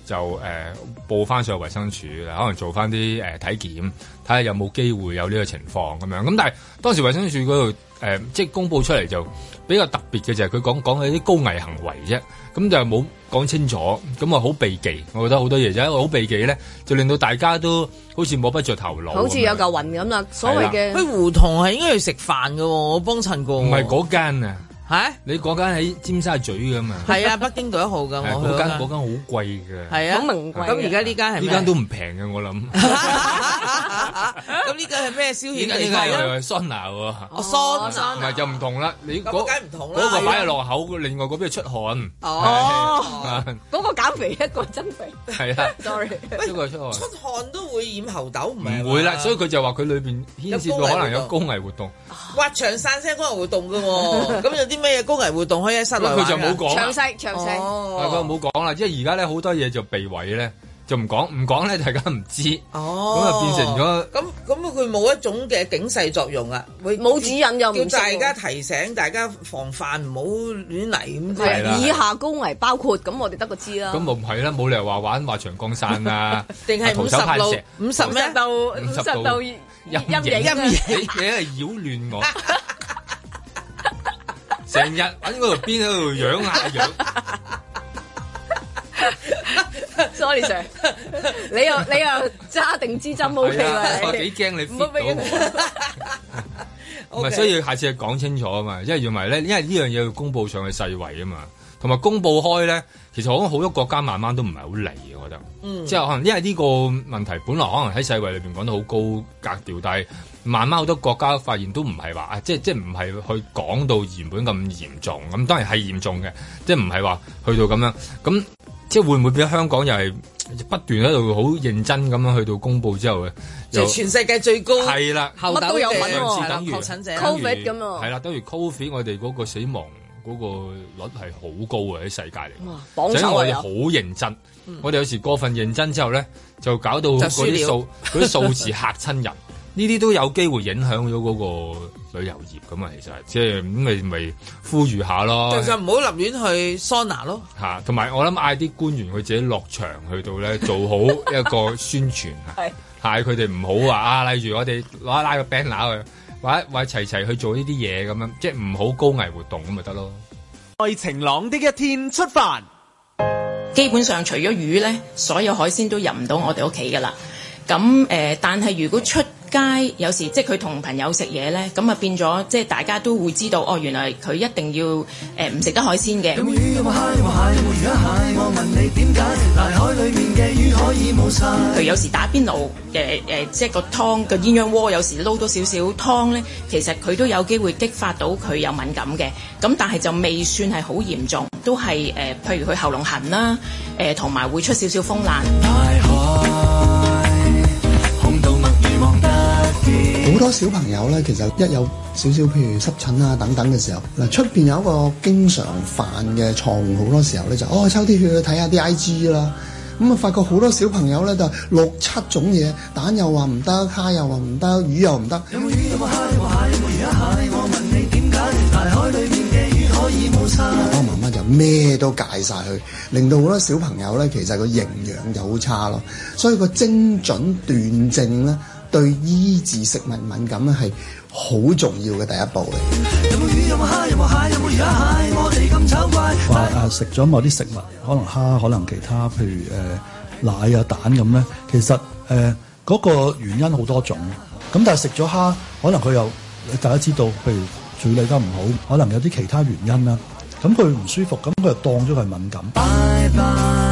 就誒、呃、報翻上衛生署，可能做翻啲誒體檢，睇、呃、下有冇機會有呢個情況，咁樣。咁但係當時衛生署嗰度誒，即係公布出嚟就比較特別嘅就係佢講講緊啲高危行為啫，咁就冇。講清楚，咁啊好避忌，我覺得好多嘢，就係好避忌咧，就令到大家都好似摸不着頭腦，好似有嚿雲咁啦。所謂嘅，去胡同係應該要食飯噶，我幫襯過，唔係嗰間啊。嚇！你嗰間喺尖沙咀嘅嘛？係啊，北京道一號嘅，我去啦。嗰間嗰間好貴嘅。係啊。咁名貴。咁而家呢間係？呢間都唔平嘅，我諗。咁呢個係咩消遣嚟？呢個係 sauna 喎。sauna 唔係就唔同啦，你嗰嗰個擺落口，另外嗰邊係出汗。哦。嗰個減肥，一個增肥。係啦，sorry。一個出汗。出汗都會染喉痘唔係？唔會啦，所以佢就話佢裏邊牽涉到可能有高危活動，挖牆散聲嗰個活動嘅喎。咁有啲。啲咩高危活動可以喺室內玩？詳細詳細，大家冇講啦，即係而家咧好多嘢就被諱咧，就唔講唔講咧，大家唔知。哦，咁啊變成咗咁咁，佢冇一種嘅警世作用啊，冇指引又叫大家提醒大家防範，唔好亂嚟咁。係啦，以下高危包括，咁我哋得個知啦。咁唔係啦，冇理由話玩話長江山啊，定係五十度五十度陰嘢，陰嘢，係擾亂我。成日揾嗰度邊喺度養下養，sorry sir，你又你又揸定支針，OK 啦。我幾驚你跌到，唔 係 Okay. 所以下次要講清楚啊嘛，因為若唔咧，因為呢樣嘢要公佈上去世衞啊嘛，同埋公佈開咧，其實我覺得好多國家慢慢都唔係好嚟嘅，我覺得。嗯，之後可能因為呢個問題，本來可能喺世衞裏邊講得好高格調，低。慢慢好多國家都發現都唔係話，即係即係唔係去講到原本咁嚴重。咁當然係嚴重嘅，即係唔係話去到咁樣。咁即係會唔會畀香港又係不斷喺度好認真咁樣去到公佈之後嘅？就全世界最高係啦，乜了代都有問題喎。確診者，covid 咁啊，係啦，等如 covid 我哋嗰個死亡嗰個率係好高嘅，喺世界嚟嘅。即係我哋好認真，嗯、我哋有時過分認真之後咧，就搞到嗰啲嗰啲數字嚇親人。 呢啲都有機會影響咗嗰個旅遊業咁啊！其實即係咁咪咪呼籲下咯，就唔好立亂去桑拿咯。嚇，同埋我諗嗌啲官員佢自己落場去到咧做好一個宣傳啊，嗌佢哋唔好話啊，例如我哋攞一拉個 banner 去，或者或齊齊去做呢啲嘢咁樣，即係唔好高危活動咁咪得咯。在晴朗的一天出發，基本上除咗魚咧，所有海鮮都入唔到我哋屋企噶啦。咁誒，但係、呃、如果出街有時即係佢同朋友食嘢咧，咁啊變咗即係大家都會知道哦，原來佢一定要誒唔食得海鮮嘅。我問你點解，大海裡面嘅魚可以冇晒？佢有時打邊爐誒誒，即係個湯個鴛鴦鍋，有時撈多少少湯咧，其實佢都有機會激發到佢有敏感嘅。咁但係就未算係好嚴重，都係誒、呃，譬如佢喉嚨痕啦，誒同埋會出少少少風癩。好多小朋友咧，其實一有少少譬如濕疹啊等等嘅時候，嗱出邊有一個經常犯嘅錯誤，好多時候咧就哦抽啲血去睇下啲 IG 啦，咁、嗯、啊發覺好多小朋友咧就係、六七種嘢，蛋又話唔得，蝦又話唔得，魚又唔得。有冇魚？有冇蝦？有冇魚？有冇蝦？我問你點解大海裏邊嘅魚可以冇晒？我媽媽就咩都戒晒佢，令到好多小朋友咧其實個營養就好差咯，所以個精準斷症咧。對醫治食物敏感咧係好重要嘅第一步嚟。話食咗某啲食物，可能蝦，可能其他，譬如誒、呃、奶啊、蛋咁咧，其實誒嗰、呃那個原因好多種。咁但係食咗蝦，可能佢又大家知道，譬如處理得唔好，可能有啲其他原因啦。咁佢唔舒服，咁佢又當咗佢係敏感。拜拜。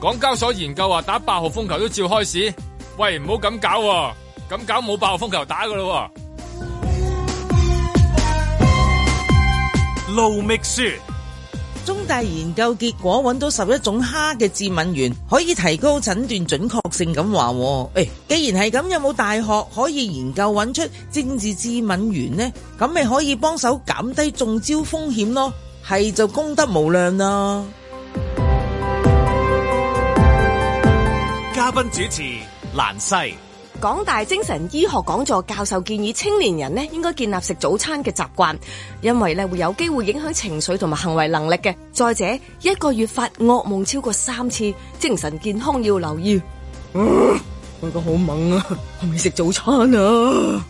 港交所研究話打八號風球都照開始，喂唔好咁搞喎，咁搞冇八號風球打噶咯喎。盧覓書，中大研究結果揾到十一種蝦嘅致敏原，可以提高診斷準確性。咁話，誒，既然係咁，有冇大學可以研究揾出政治致敏原呢？咁咪可以幫手減低中招風險咯，係就功德無量啦。嘉賓主持蘭西，港大精神醫學講座教授建議青年人咧應該建立食早餐嘅習慣，因為咧會有機會影響情緒同埋行為能力嘅。再者，一個月發噩夢超過三次，精神健康要留意。啊、我個好猛啊！我未食早餐啊！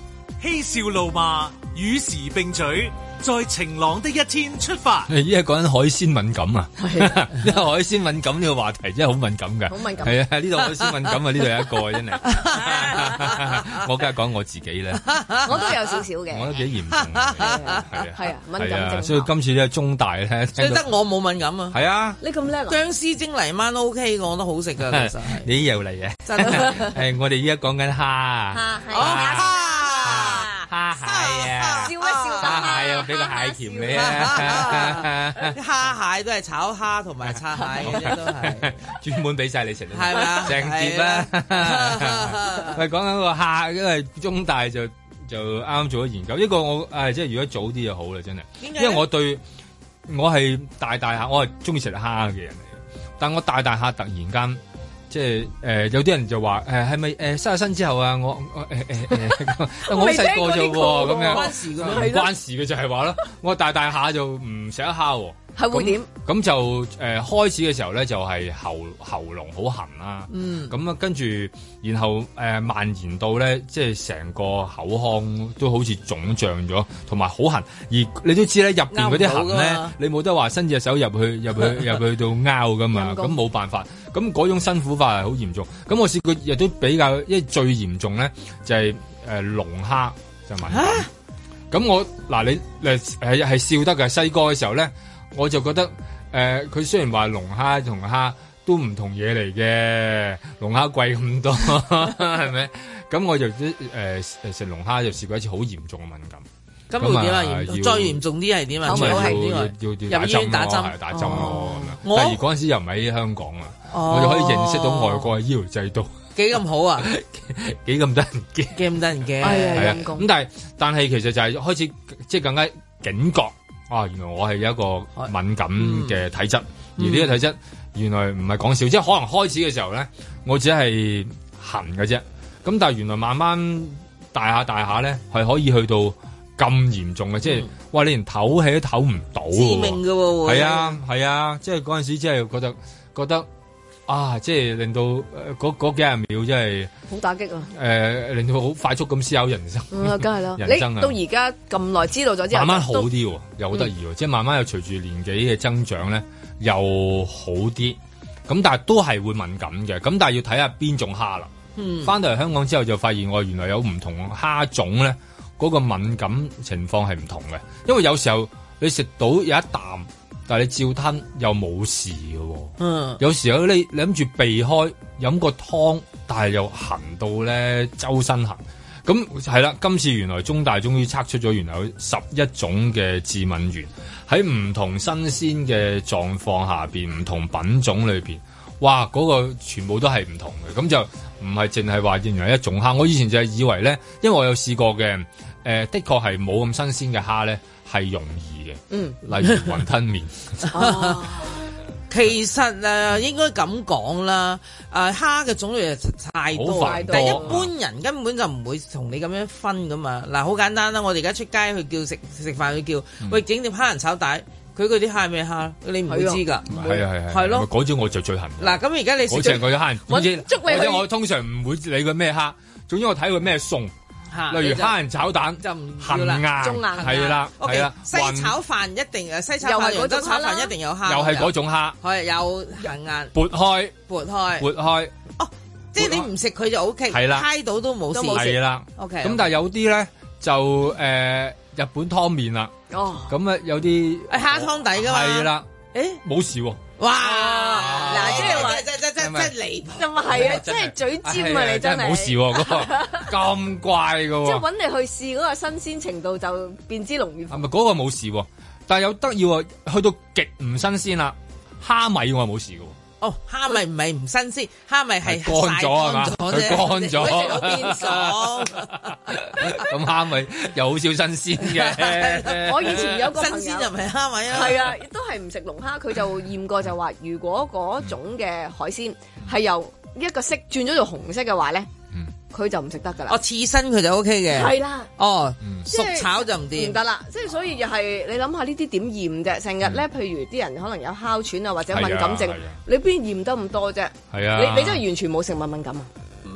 嬉笑怒罵與時並舉。在晴朗的一天出發。依家講緊海鮮敏感啊，因為海鮮敏感呢個話題真係好敏感嘅。好敏感。係啊，呢度海鮮敏感啊，呢度有一個真係。我梗係講我自己咧。我都有少少嘅。我都幾嚴重。係啊。係啊。敏感症。所以今次呢，中大咧，所以得我冇敏感啊。係啊。你咁叻，殭屍蒸泥鰻 OK，我覺得好食嘅其實。你又嚟啊！真係。誒，我哋依家講緊蝦。蝦係啊。蝦蟹啊，笑一笑啦，係啊，俾個蟹鉗你啊，啲蝦蟹都係炒蝦同埋炒蟹嘅都係，專門俾晒你食，係啦，正點啦。喂，講緊個蝦，因為中大就就啱啱做咗研究，一個我誒，即係如果早啲就好啦，真係，因為我對，我係大大蝦，我係中意食蝦嘅人嚟，但我大大蝦突然間。即係誒、呃，有啲人就話誒，係咪誒，生咗身之後啊，我、呃呃呃、我誒誒， 我好細個啫、啊，咁樣係關事嘅，關事嘅就係話咯，我大大，大下就唔食得蝦喎，係會點？咁就誒、呃，開始嘅時候咧，就係喉喉嚨好痕啦，咁啊、嗯，跟住然後誒、呃，蔓延到咧，即係成個口腔都好似腫脹咗，同埋好痕。而你都知咧，入邊嗰啲痕咧，你冇得話伸隻手入去，入去入去，去到拗噶嘛，咁冇辦法。嗯咁嗰種辛苦法係好嚴重，咁我試過亦都比較，因為最嚴重咧就係誒龍蝦就買、是。咁蛤我嗱、呃、你誒誒係笑得嘅細個嘅時候咧，我就覺得誒佢、呃、雖然話龍蝦同蝦都唔同嘢嚟嘅，龍蝦貴咁多係咪？咁 我就誒誒食龍蝦就試過一次好嚴重嘅敏感。咁啊，嚴重再嚴重啲係點啊？咁咪要入院打針咯，打針咯咁樣。我嗰陣時又唔喺香港啊，我就可以認識到外國嘅醫療制度幾咁好啊，幾咁得人驚，幾咁得人驚，係啊，咁但係但係其實就係開始即係更加警覺啊。原來我係一個敏感嘅體質，而呢個體質原來唔係講笑，即係可能開始嘅時候咧，我只係痕㗎啫。咁但係原來慢慢大下大下咧，係可以去到。咁嚴重嘅，即係、嗯、哇，你連唞氣都唞唔到，致命嘅。係啊，係啊，啊，即係嗰陣時，即係覺得覺得啊，即係令到嗰嗰、呃、幾廿秒即，真係好打擊啊！誒、呃，令到佢好快速咁思考人生。嗯，梗係啦，人生、啊、你到而家咁耐，知道咗之後，慢慢好啲，又好得意。即係慢慢又隨住年紀嘅增長咧，又好啲。咁但係都係會敏感嘅。咁但係要睇下邊種蝦啦。嗯。翻到嚟香港之後就發現，我原來有唔同蝦種咧。嗰個敏感情況係唔同嘅，因為有時候你食到有一啖，但係你照吞又冇事嘅、哦。嗯，有時候你你諗住避開飲個湯，但係又痕到咧周身痕。咁係啦，今次原來中大終於測出咗，原來十一種嘅致敏源喺唔同新鮮嘅狀況下邊，唔同品種裏邊，哇！嗰、嗰個全部都係唔同嘅，咁就唔係淨係話認為一種嚇。我以前就係以為咧，因為我有試過嘅。誒、呃，的確係冇咁新鮮嘅蝦咧，係容易嘅。嗯，例如雲吞麵。 其實誒、啊，應該咁講啦。誒、啊，蝦嘅種類又太多，多但係一般人根本就唔會同你咁樣分噶嘛嗱、啊，好簡單啦、啊，我哋而家出街去叫食食飯，飯去叫喂，整碟蝦仁炒蛋，佢嗰啲蝦係咩蝦？你唔會知噶係啊係係。係咯，改咗我就最恨。嗱、啊，咁而家你嗰隻嗰啲蝦，總之我通常唔會理佢咩蝦，總之我睇佢咩餸。例如蝦仁炒蛋就唔要啦，仲硬係啦，係啦。西炒飯一定誒，西炒飯揚州炒飯一定有蝦，又係嗰種蝦，係有韌硬。撥開撥開撥開哦，即係你唔食佢就 OK，係啦，揩到都冇事係啦。O K，咁但係有啲咧就誒日本湯麵啦，咁咧有啲蝦湯底噶嘛。誒，冇事喎！哇，嗱，即係話即即即即嚟，咁係啊，即係嘴尖啊你真係，冇事喎，咁怪噶喎，即係搵你去試個新鮮程度就變咗龍蝦，係咪個冇事喎？但係有得意喎，去到極唔新鮮啦，蝦米我係冇事噶。蝦咪唔係唔新鮮，蝦咪係乾咗啊嘛，佢乾咗，變爽！咁蝦咪又好少新鮮嘅。我以前有個朋友就唔係蝦咪啊，係啊，亦都係唔食龍蝦，佢就驗過就話，如果嗰種嘅海鮮係由一個色轉咗做紅色嘅話咧.佢就唔食得噶啦，哦，刺身佢就 O K 嘅，係啦，哦，嗯、熟炒就唔掂，唔得啦，即係所以又、就、係、是、你諗下呢啲點嫌啫，成日咧，譬如啲人可能有哮喘啊或者敏感症，你邊嫌得咁多啫？係啊，啊你啊你，你真係完全冇食物敏感啊？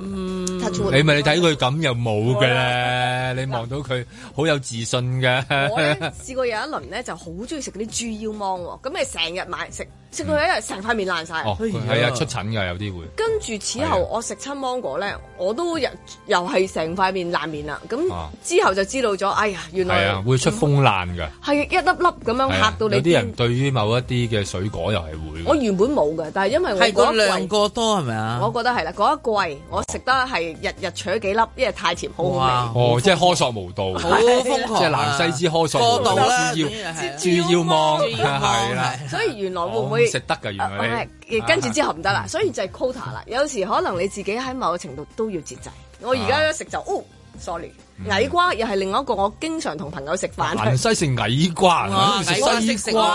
嗯，你咪你睇佢咁又冇嘅咧， 你望到佢好有自信嘅。 我咧試過有一輪咧就好中意食嗰啲豬腰芒喎，咁你成日買食。食到一日成塊面爛晒，係啊，出疹嘅有啲會。跟住此後我食親芒果咧，我都又係成塊面爛面啦。咁之後就知道咗，哎呀，原來會出風爛嘅。係一粒粒咁樣嚇到你。有啲人對於某一啲嘅水果又係會。我原本冇嘅，但係因為我係嗰兩個多，係咪啊？我覺得係啦，嗰一季我食得係日日取咗幾粒，因為太甜好好味。哦，即係渴索無度。好瘋狂。即係南西之渴索無度，主要望係啦。所以原來會唔會？食得噶，原來。跟住之後唔得啦，所以就係 quota 啦。有時可能你自己喺某個程度都要節制。我而家一食就，哦，sorry，矮瓜又係另一個我經常同朋友食飯，西食矮瓜，矮瓜食。瓜。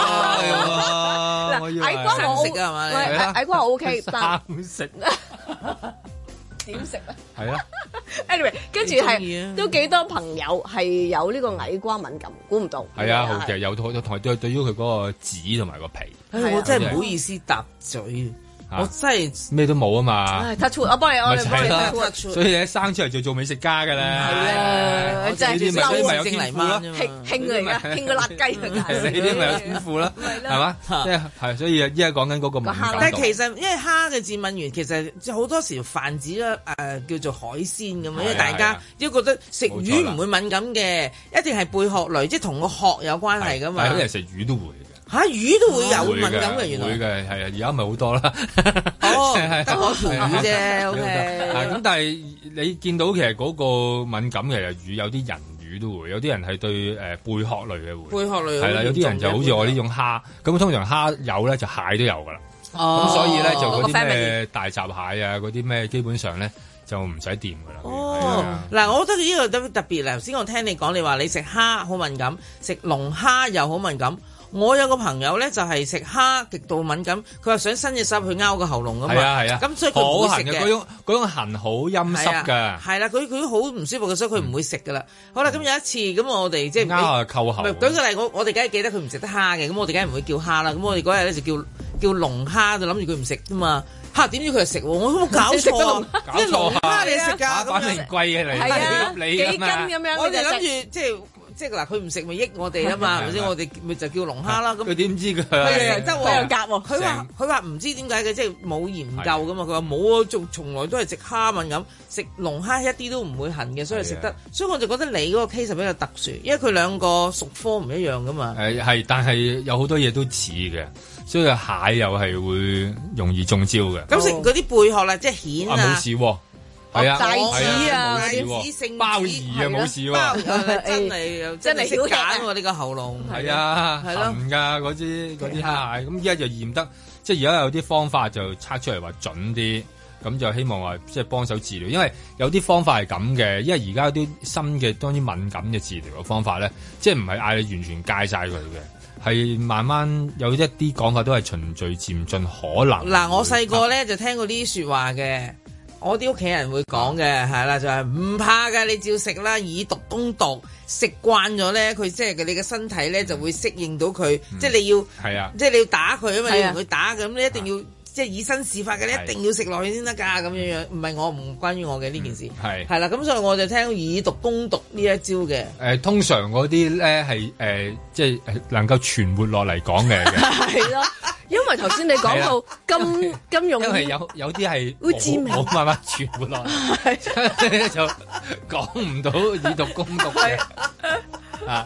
矮瓜我 O，矮瓜 OK，但係唔食。點食啦，係啊 ，anyway，跟住係都幾多朋友係有呢個矮瓜敏感，估唔到，係啊，好奇吧有好多同埋對對於佢嗰個籽同埋個皮，唉、啊，即係、我真係唔好意思搭嘴。我真係咩都冇啊嘛！所以你生出嚟就做美食家噶啦。係咧，真係。所以咪有天賦啫嘛？興佢嚟噶，興個辣雞嚟噶。所以啲咪有天賦啦？係嘛？即係係，所以依家講緊嗰個問題。但係其實，因為蝦嘅致敏原，其實即好多時泛指咗誒，叫做海鮮咁啊。因為大家都覺得食魚唔會敏感嘅，一定係貝殼類，即係同個殼有關係噶嘛。但係啲人食魚都會。嚇、啊、魚都會有、哦、敏感嘅，原來會嘅係啊！而家咪好多啦，哦，得 的我條魚啫。咁 Okay.、嗯、但係你見到其實嗰個敏感嘅魚，有啲人魚都會，有啲人係對誒貝、呃、殼類嘅會。貝殼類係啦，有啲人就好似我呢種蝦，咁殼通常蝦有咧就蟹都有噶啦。咁、哦嗯、所以咧就嗰啲咩大閘蟹啊，嗰啲咩基本上咧就唔使掂噶啦。嗱，我覺得呢個特別啊！頭先我聽你講，你話你食蝦好敏感，食龍蝦又好敏感。我有個朋友咧，就係食蝦極度敏感，佢話想伸隻手去拗個喉嚨噶嘛，咁所以佢唔會食嘅。嗰種嗰種痕好陰濕嘅，係啦，佢佢都好唔舒服嘅，所以佢唔會食噶啦。好啦，咁有一次咁我哋即係勾下扣喉，舉個例，我我哋梗係記得佢唔食得蝦嘅，咁我哋梗係唔會叫蝦啦。咁我哋嗰日咧就叫叫龍蝦，就諗住佢唔食噶嘛。蝦點知佢就食喎？我都冇搞錯，即係龍蝦你食㗎，咁咪貴嘢嚟，幾斤咁樣，我哋諗住即係。即係嗱，佢唔食咪益我哋啊嘛，係咪先？我哋咪就叫龍蝦啦。咁佢點知嘅？佢又執喎，佢又夾喎。佢話佢話唔知點解嘅，即係冇研究㗎嘛。佢話冇啊，仲從來都係食蝦餈咁，食龍蝦一啲都唔會痕嘅，所以食得。所以我就覺得你嗰個 case 比較特殊，因為佢兩個屬科唔一樣噶嘛。誒係，但係有好多嘢都似嘅，所以蟹又係會容易中招嘅。咁食嗰啲貝殼啦，即係蜆啊，冇事喎。係啊，大子性，包二啊，冇事喎，真係真係食鹼我呢個喉嚨，係啊，鹹噶嗰啲嗰啲，咁依家就驗得，即係而家有啲方法就測出嚟話準啲，咁就希望話即係幫手治療，因為有啲方法係咁嘅，因為而家有啲新嘅，當然敏感嘅治療嘅方法咧，即係唔係嗌你完全戒晒佢嘅，係慢慢有一啲講法都係循序漸進可能。嗱，我細個咧就聽過呢啲說話嘅。我啲屋企人會講嘅係啦，就係、是、唔怕㗎，你照食啦，以毒攻毒，食慣咗咧，佢即係你嘅身體咧、嗯、就會適應到佢，嗯、即係你要，的即係你要打佢啊嘛，你唔會打㗎咁，的你一定要。即係以身試法嘅咧，你一定要食落去先得㗎咁樣樣，唔係我唔關於我嘅呢件事。係係啦，咁所以我就聽以毒攻毒呢一招嘅。誒，通常嗰啲咧係誒，即係能夠存活落嚟講嘅。係咯， 因為頭先你講到金金融， 因為有有啲係冇冇辦法存活落嚟， 的 就講唔到以毒攻毒嘅啊。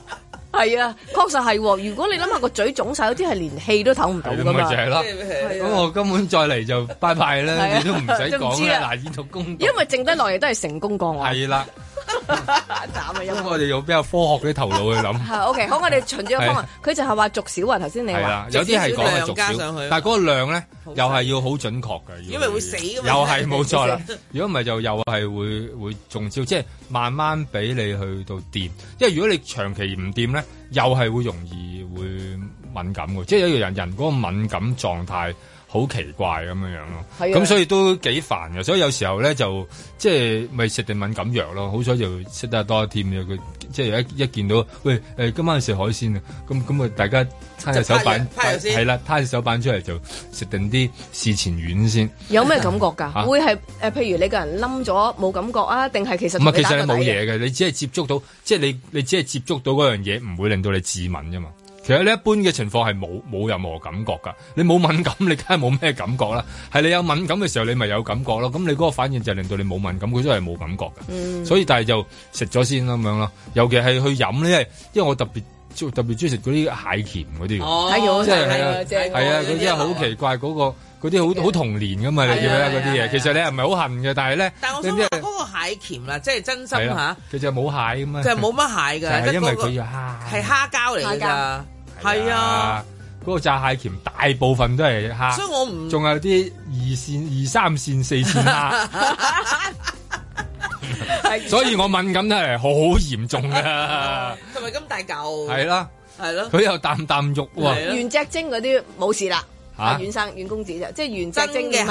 是的 係啊，確實係、啊。如果你諗下個嘴腫晒，有啲係連氣都唞唔到，咁咪就係囉，咁、啊啊、我根本再嚟就拜拜啦，啊、你都唔使講啦。嗱、啊，呢套工因為剩低落嚟都係成功過我。係啦、啊。咁 我哋用比較科學啲頭腦去諗 ，OK。好，我哋循住個方案，佢 就係話逐少雲、啊。頭先你話，有啲係講係逐少，少點點，但係嗰個量咧，又係要好準確嘅，因為會死噶嘛，又係冇錯啦，如果唔係就又係會會重招，即係慢慢俾你去到掂。因為如果你長期唔掂咧，又係會容易會。敏感嘅，即係有個人人嗰個敏感狀態好奇怪咁樣樣咯。咁的、嗯、所以都幾煩嘅，所以有時候咧就即係咪食定敏感藥咯？好彩就識得多添，即係一一見到喂，誒，今晚食海鮮啊！咁咁啊，大家攤隻手板，係啦，攤隻手板出嚟就食定啲事前丸先。有咩感覺噶？啊、會係誒，譬如你個人冧咗冇感覺啊？定係其實不其實你冇嘢嘅，你只係接觸到即係你你，你只係接觸到嗰樣嘢，唔會令到你致敏啫嘛。其實你一般嘅情況係冇冇任何感覺噶，你冇敏感，你梗係冇咩感覺啦。係你有敏感嘅時候，你咪有感覺咯。咁你嗰個反應就令到你冇敏感，佢都係冇感覺噶。嗯。所以但係就食咗先咁樣咯。尤其係去飲咧，因為我特別中特別中意食嗰啲蟹鉗嗰啲。哦，係啊，係啊，嗰啲啊好奇怪，嗰個嗰啲好好童年噶嘛，你知唔知啊？嗰啲嘢其實你係唔係好恨嘅，但係咧。但我想講嗰個蟹鉗啦，即係真心吓。佢就冇蟹咁啊。就係冇乜蟹噶，因為佢蝦，係蝦膠嚟噶。係啊，嗰、那個炸蟹鉗大部分都係蝦，所以我唔仲有啲二線、二三線、四線啊。線線線線 所以我敏感都係好嚴重噶。係咪咁大嚿？係啦，係咯，佢又啖啖肉喎，啊、原隻蒸嗰啲冇事啦。啊，軟生軟公子啫，即係原隻蒸嘅蟹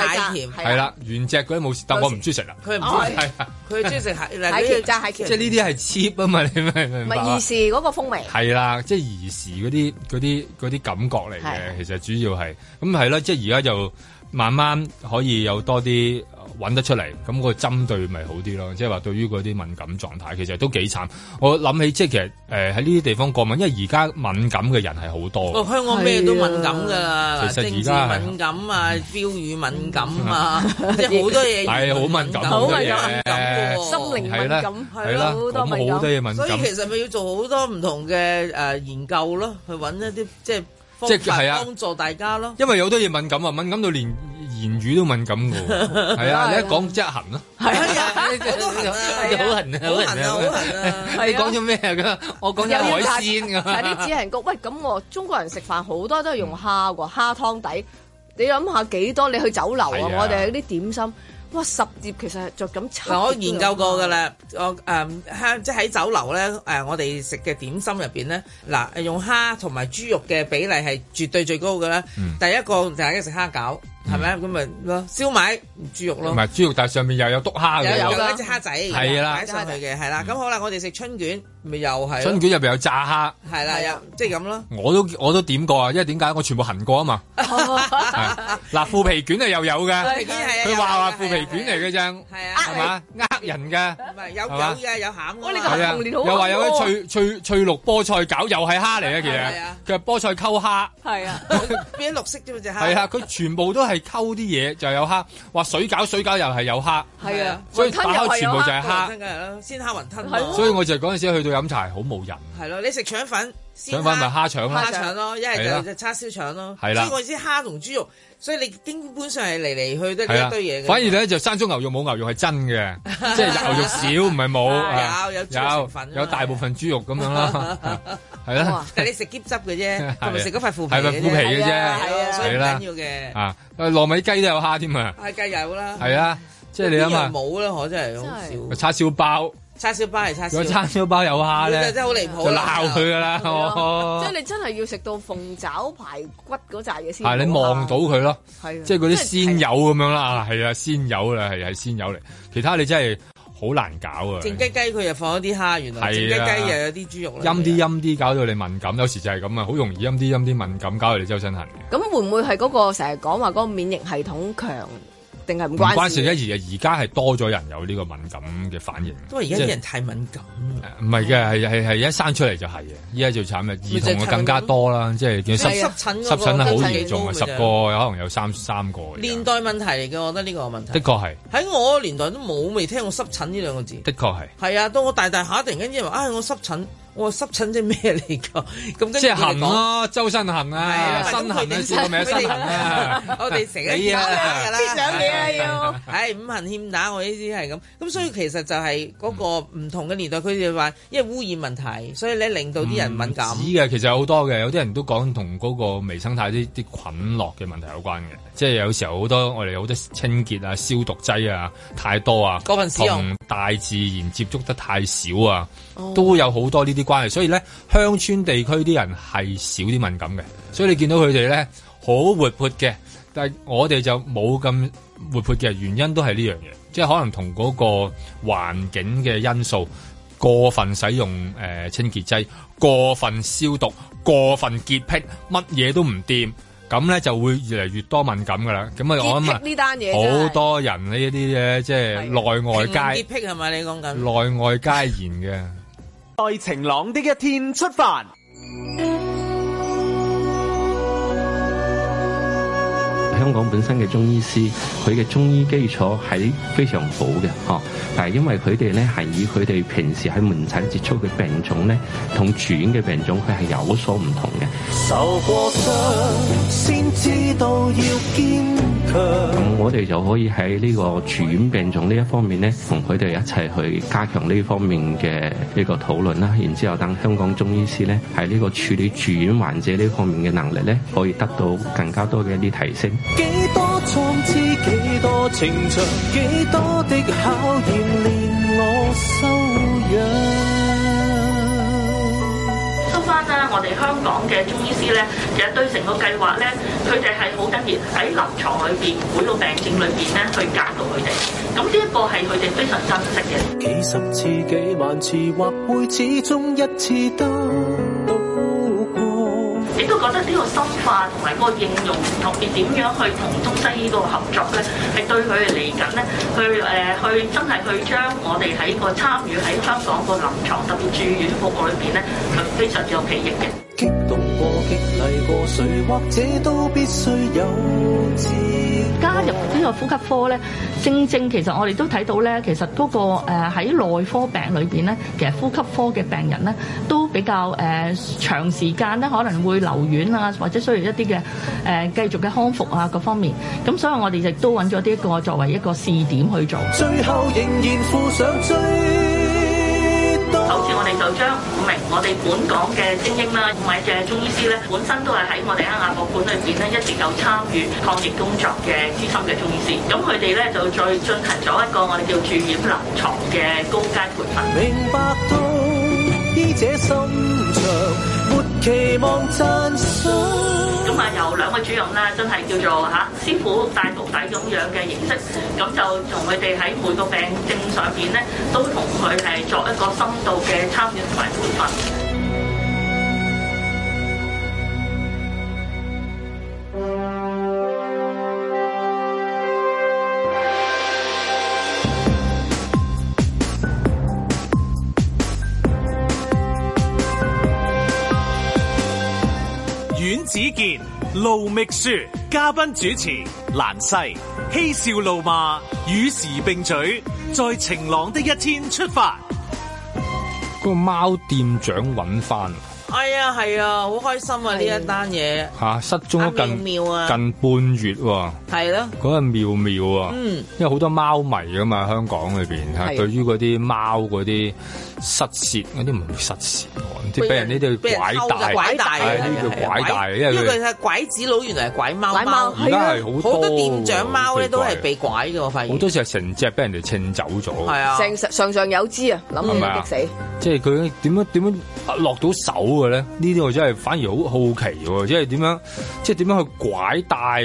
鉗。係啦，了原隻嗰啲冇事，但我唔中意食啦。佢唔中意，佢中意食蟹。佢揸蟹鉗。 即係呢啲係 cheap 啊嘛，你明唔明啊？唔係兒時嗰個風味。係啦，即係兒時嗰啲嗰啲嗰啲感覺嚟嘅，的其實主要係咁係咯。即係而家就慢慢可以有多啲。揾得出嚟，咁、個針對咪好啲咯？即係話對於嗰啲敏感狀態，其實都幾慘。我諗起即係其實誒喺呢啲地方過敏，因為而家敏感嘅人係好多、哦。香港咩都敏感㗎啦，而家、啊、敏感啊，嗯、標語敏感啊，嗯嗯、即係好多嘢。係好敏感、啊，好多 敏感嘅喎。心靈敏感，係咯，好多嘢敏感。敏感所以其實咪要做好多唔同嘅誒研究咯，去揾一啲即係方法、即係啊、幫助大家咯。因為有好多嘢敏感啊，敏感到連言語都敏感㗎，係啊！你一講即係痕咯，係啊！好痕啊！好痕啊！好痕啊！係你講咗咩啊？我講咗海鮮㗎，但係啲主持人講，喂，咁，我中國人食飯好多都係用蝦㗎，蝦湯底。你諗下幾多？你去酒樓啊，我哋啲點心哇，十碟，其實係就咁。我研究過㗎啦，我誒香即係喺酒樓咧誒，我哋食嘅點心入邊咧嗱，用蝦同埋豬肉嘅比例係絕對最高㗎啦。第一個第一個食蝦餃。係咪？咁咪咯，燒賣豬肉咯，唔係豬肉，但係上面又有篤蝦嘅，有有一隻蝦仔，係啦，擺晒佢嘅，係啦。咁好啦，我哋食春卷，咪又係春卷入面有炸蝦，係啦，又即係咁咯。我都我都點過啊，因為點解我全部行過啊嘛。嗱，腐皮卷啊又有嘅，佢話話腐皮卷嚟嘅啫，係啊，係嘛，呃人嘅，唔係有有嘅有餡，我呢個童年好又話有啲翠翠翠綠菠菜餃，又係蝦嚟嘅嘢，其實菠菜溝蝦，係啊，變綠色啫嘛隻蝦，係啊，佢全部都係。溝啲嘢就有蝦，話水餃水餃又係有蝦，係啊，所以扒開全部就係蝦，蝦先蝦雲吞，啊、所以我就嗰、是、陣時去到飲茶好冇人，係咯，啊，你食腸粉。相反咪蝦腸啦，蝦腸咯，一係就叉燒腸咯。所以我意思，蝦同豬肉，所以你基本上係嚟嚟去都係一堆嘢。反而咧就山竹牛肉冇牛肉係真嘅，即係牛肉少唔係冇，有有有大部分豬肉咁樣咯，係啦。但你食醃汁嘅啫，係咪食嗰塊腐皮嘅啫，所以唔緊要嘅。啊，糯米雞都有蝦添啊，係雞有啦。係啊，即係你啊冇啦，我真係好少。叉燒包。叉燒包係叉燒，如果叉燒包有蝦咧，真係好離譜，鬧佢噶啦，即係你真係要食到鳳爪排骨嗰扎嘢先。係你望到佢咯，即係嗰啲鮮油咁樣啦，係啊，鮮油啦，係係鮮油嚟，其他你真係好難搞啊。靜雞雞佢又放咗啲蝦，原來靜雞雞又有啲豬肉。陰啲陰啲搞到你敏感，有時就係咁啊，好容易陰啲陰啲敏感，搞到你周身痕。咁會唔會係嗰個成日講話嗰個免疫系統強？唔關事一而而家係，係多咗人有呢個敏感嘅反應。因為而家啲人太敏感。唔係嘅，係係係一生出嚟就係嘅，依家最慘嘅，不是 兒童就更加多啦。是是即係濕，濕疹，濕疹好嚴重，啊個，十、就是、個可能有三三個。年代問題嚟嘅，我覺得呢個問題。的確係喺我年代都冇未聽過濕疹呢兩個字。的確係。係啊，到我大大下突然間認為啊，我濕疹。我、哦、濕疹即係咩嚟㗎？咁即係痕咯，周身痕啊，身痕啊，試過咩痕啊？我哋成日講呢啲嘢啊要。係五行欠打，我意思係咁。咁所以其實就係嗰個唔同嘅年代，佢哋話因為污染問題，所以你令到啲人敏感。不不止嘅其實好多嘅，有啲人都講同嗰個微生態啲啲菌落嘅問題有關嘅。即係有時候好多我哋好多清潔啊、消毒劑啊，太多啊，份同大自然接觸得太少啊，都有好多呢啲。關係，所以咧，鄉村地區啲人係少啲敏感嘅，所以你見到佢哋咧好活潑嘅，但係我哋就冇咁活潑嘅，原因都係呢樣嘢，即係可能同嗰個環境嘅因素，過分使用誒清潔劑，過分消毒，過分潔癖，乜嘢都唔掂，咁咧就會越嚟越多敏感噶啦。咁啊，我諗啊呢單嘢，好多人呢一啲嘅，即係內外皆潔癖係咪？你講緊內外皆然嘅。在晴朗的一天出發。香港本身嘅中醫師，佢嘅中醫基礎係非常好嘅，啊，但係因為佢哋咧係以佢哋平時喺門診接觸嘅病種咧，同住院嘅病種佢係有所唔同嘅。受過傷先知道要堅強。咁我哋就可以喺呢個住院病種呢一方面咧，同佢哋一齊去加強呢方面嘅呢個討論啦。然之後等香港中醫師咧喺呢個處理住院患者呢方面嘅能力咧，可以得到更加多嘅一啲提升。幾多創幾多情長幾多知，情的考驗連我收養。收翻啦！我哋香港嘅中醫師咧，有一堆成個計劃咧，佢哋係好緊要喺臨床裏邊，每個病症裏邊咧去教到佢哋。咁呢一個係佢哋非常珍惜嘅。幾十次、幾萬次，或會始終一次都。你都覺得呢個深化同埋嗰個應用唔同，而點樣去同中西醫呢個合作咧，係對佢哋嚟緊咧，去誒、呃、去真係去將我哋喺個參與喺香港個臨床特別住院服務裏邊咧，係非常之有裨益嘅。過激嚟過誰，或者都必須有自。加入呢個呼吸科咧，正正其實我哋都睇到咧，其實嗰個誒喺內科病裏邊咧，其實呼吸科嘅病人咧都比較誒長時間咧可能會留院啊，或者需要一啲嘅誒繼續嘅康復啊各方面，咁所以我哋亦都揾咗呢一個作為一個試點去做。最後仍然追。好似我哋就將五名我哋本港嘅精英啦，五位嘅中醫師咧，本身都係喺我哋喺亞博館裏邊咧，一直有參與抗疫工作嘅資深嘅中醫師，咁佢哋咧就再進行咗一個我哋叫住院臨床嘅高階培訓。明白到期望讚賞。咁啊，由兩位主任啦，真係叫做吓師傅帶徒弟咁樣嘅形式，咁就同佢哋喺每個病症上邊咧，都同佢係作一個深度嘅參與同埋培訓。子健、盧覓雪，嘉賓主持蘭西，嬉笑怒罵，與時並舉，在晴朗的一天出發。嗰個貓店長揾翻。哎呀，係啊，好開心啊！呢一單嘢吓失蹤咗近近半月喎，係咯，嗰個妙妙啊，嗯，因為好多貓迷噶嘛，香港裏邊吓對於嗰啲貓嗰啲失竊嗰啲唔係失竊，即俾人呢啲拐帶，係係係係，拐帶，因為佢係拐子佬原來係拐貓，而家係好多店長貓咧都係被拐嘅，我發現好多時係成隻俾人哋稱走咗，係啊，成上上有知啊，諗住逼死，即係佢點樣點樣落到手？呢啲我真係反而好好奇喎，即係點樣，即係點樣去拐帶，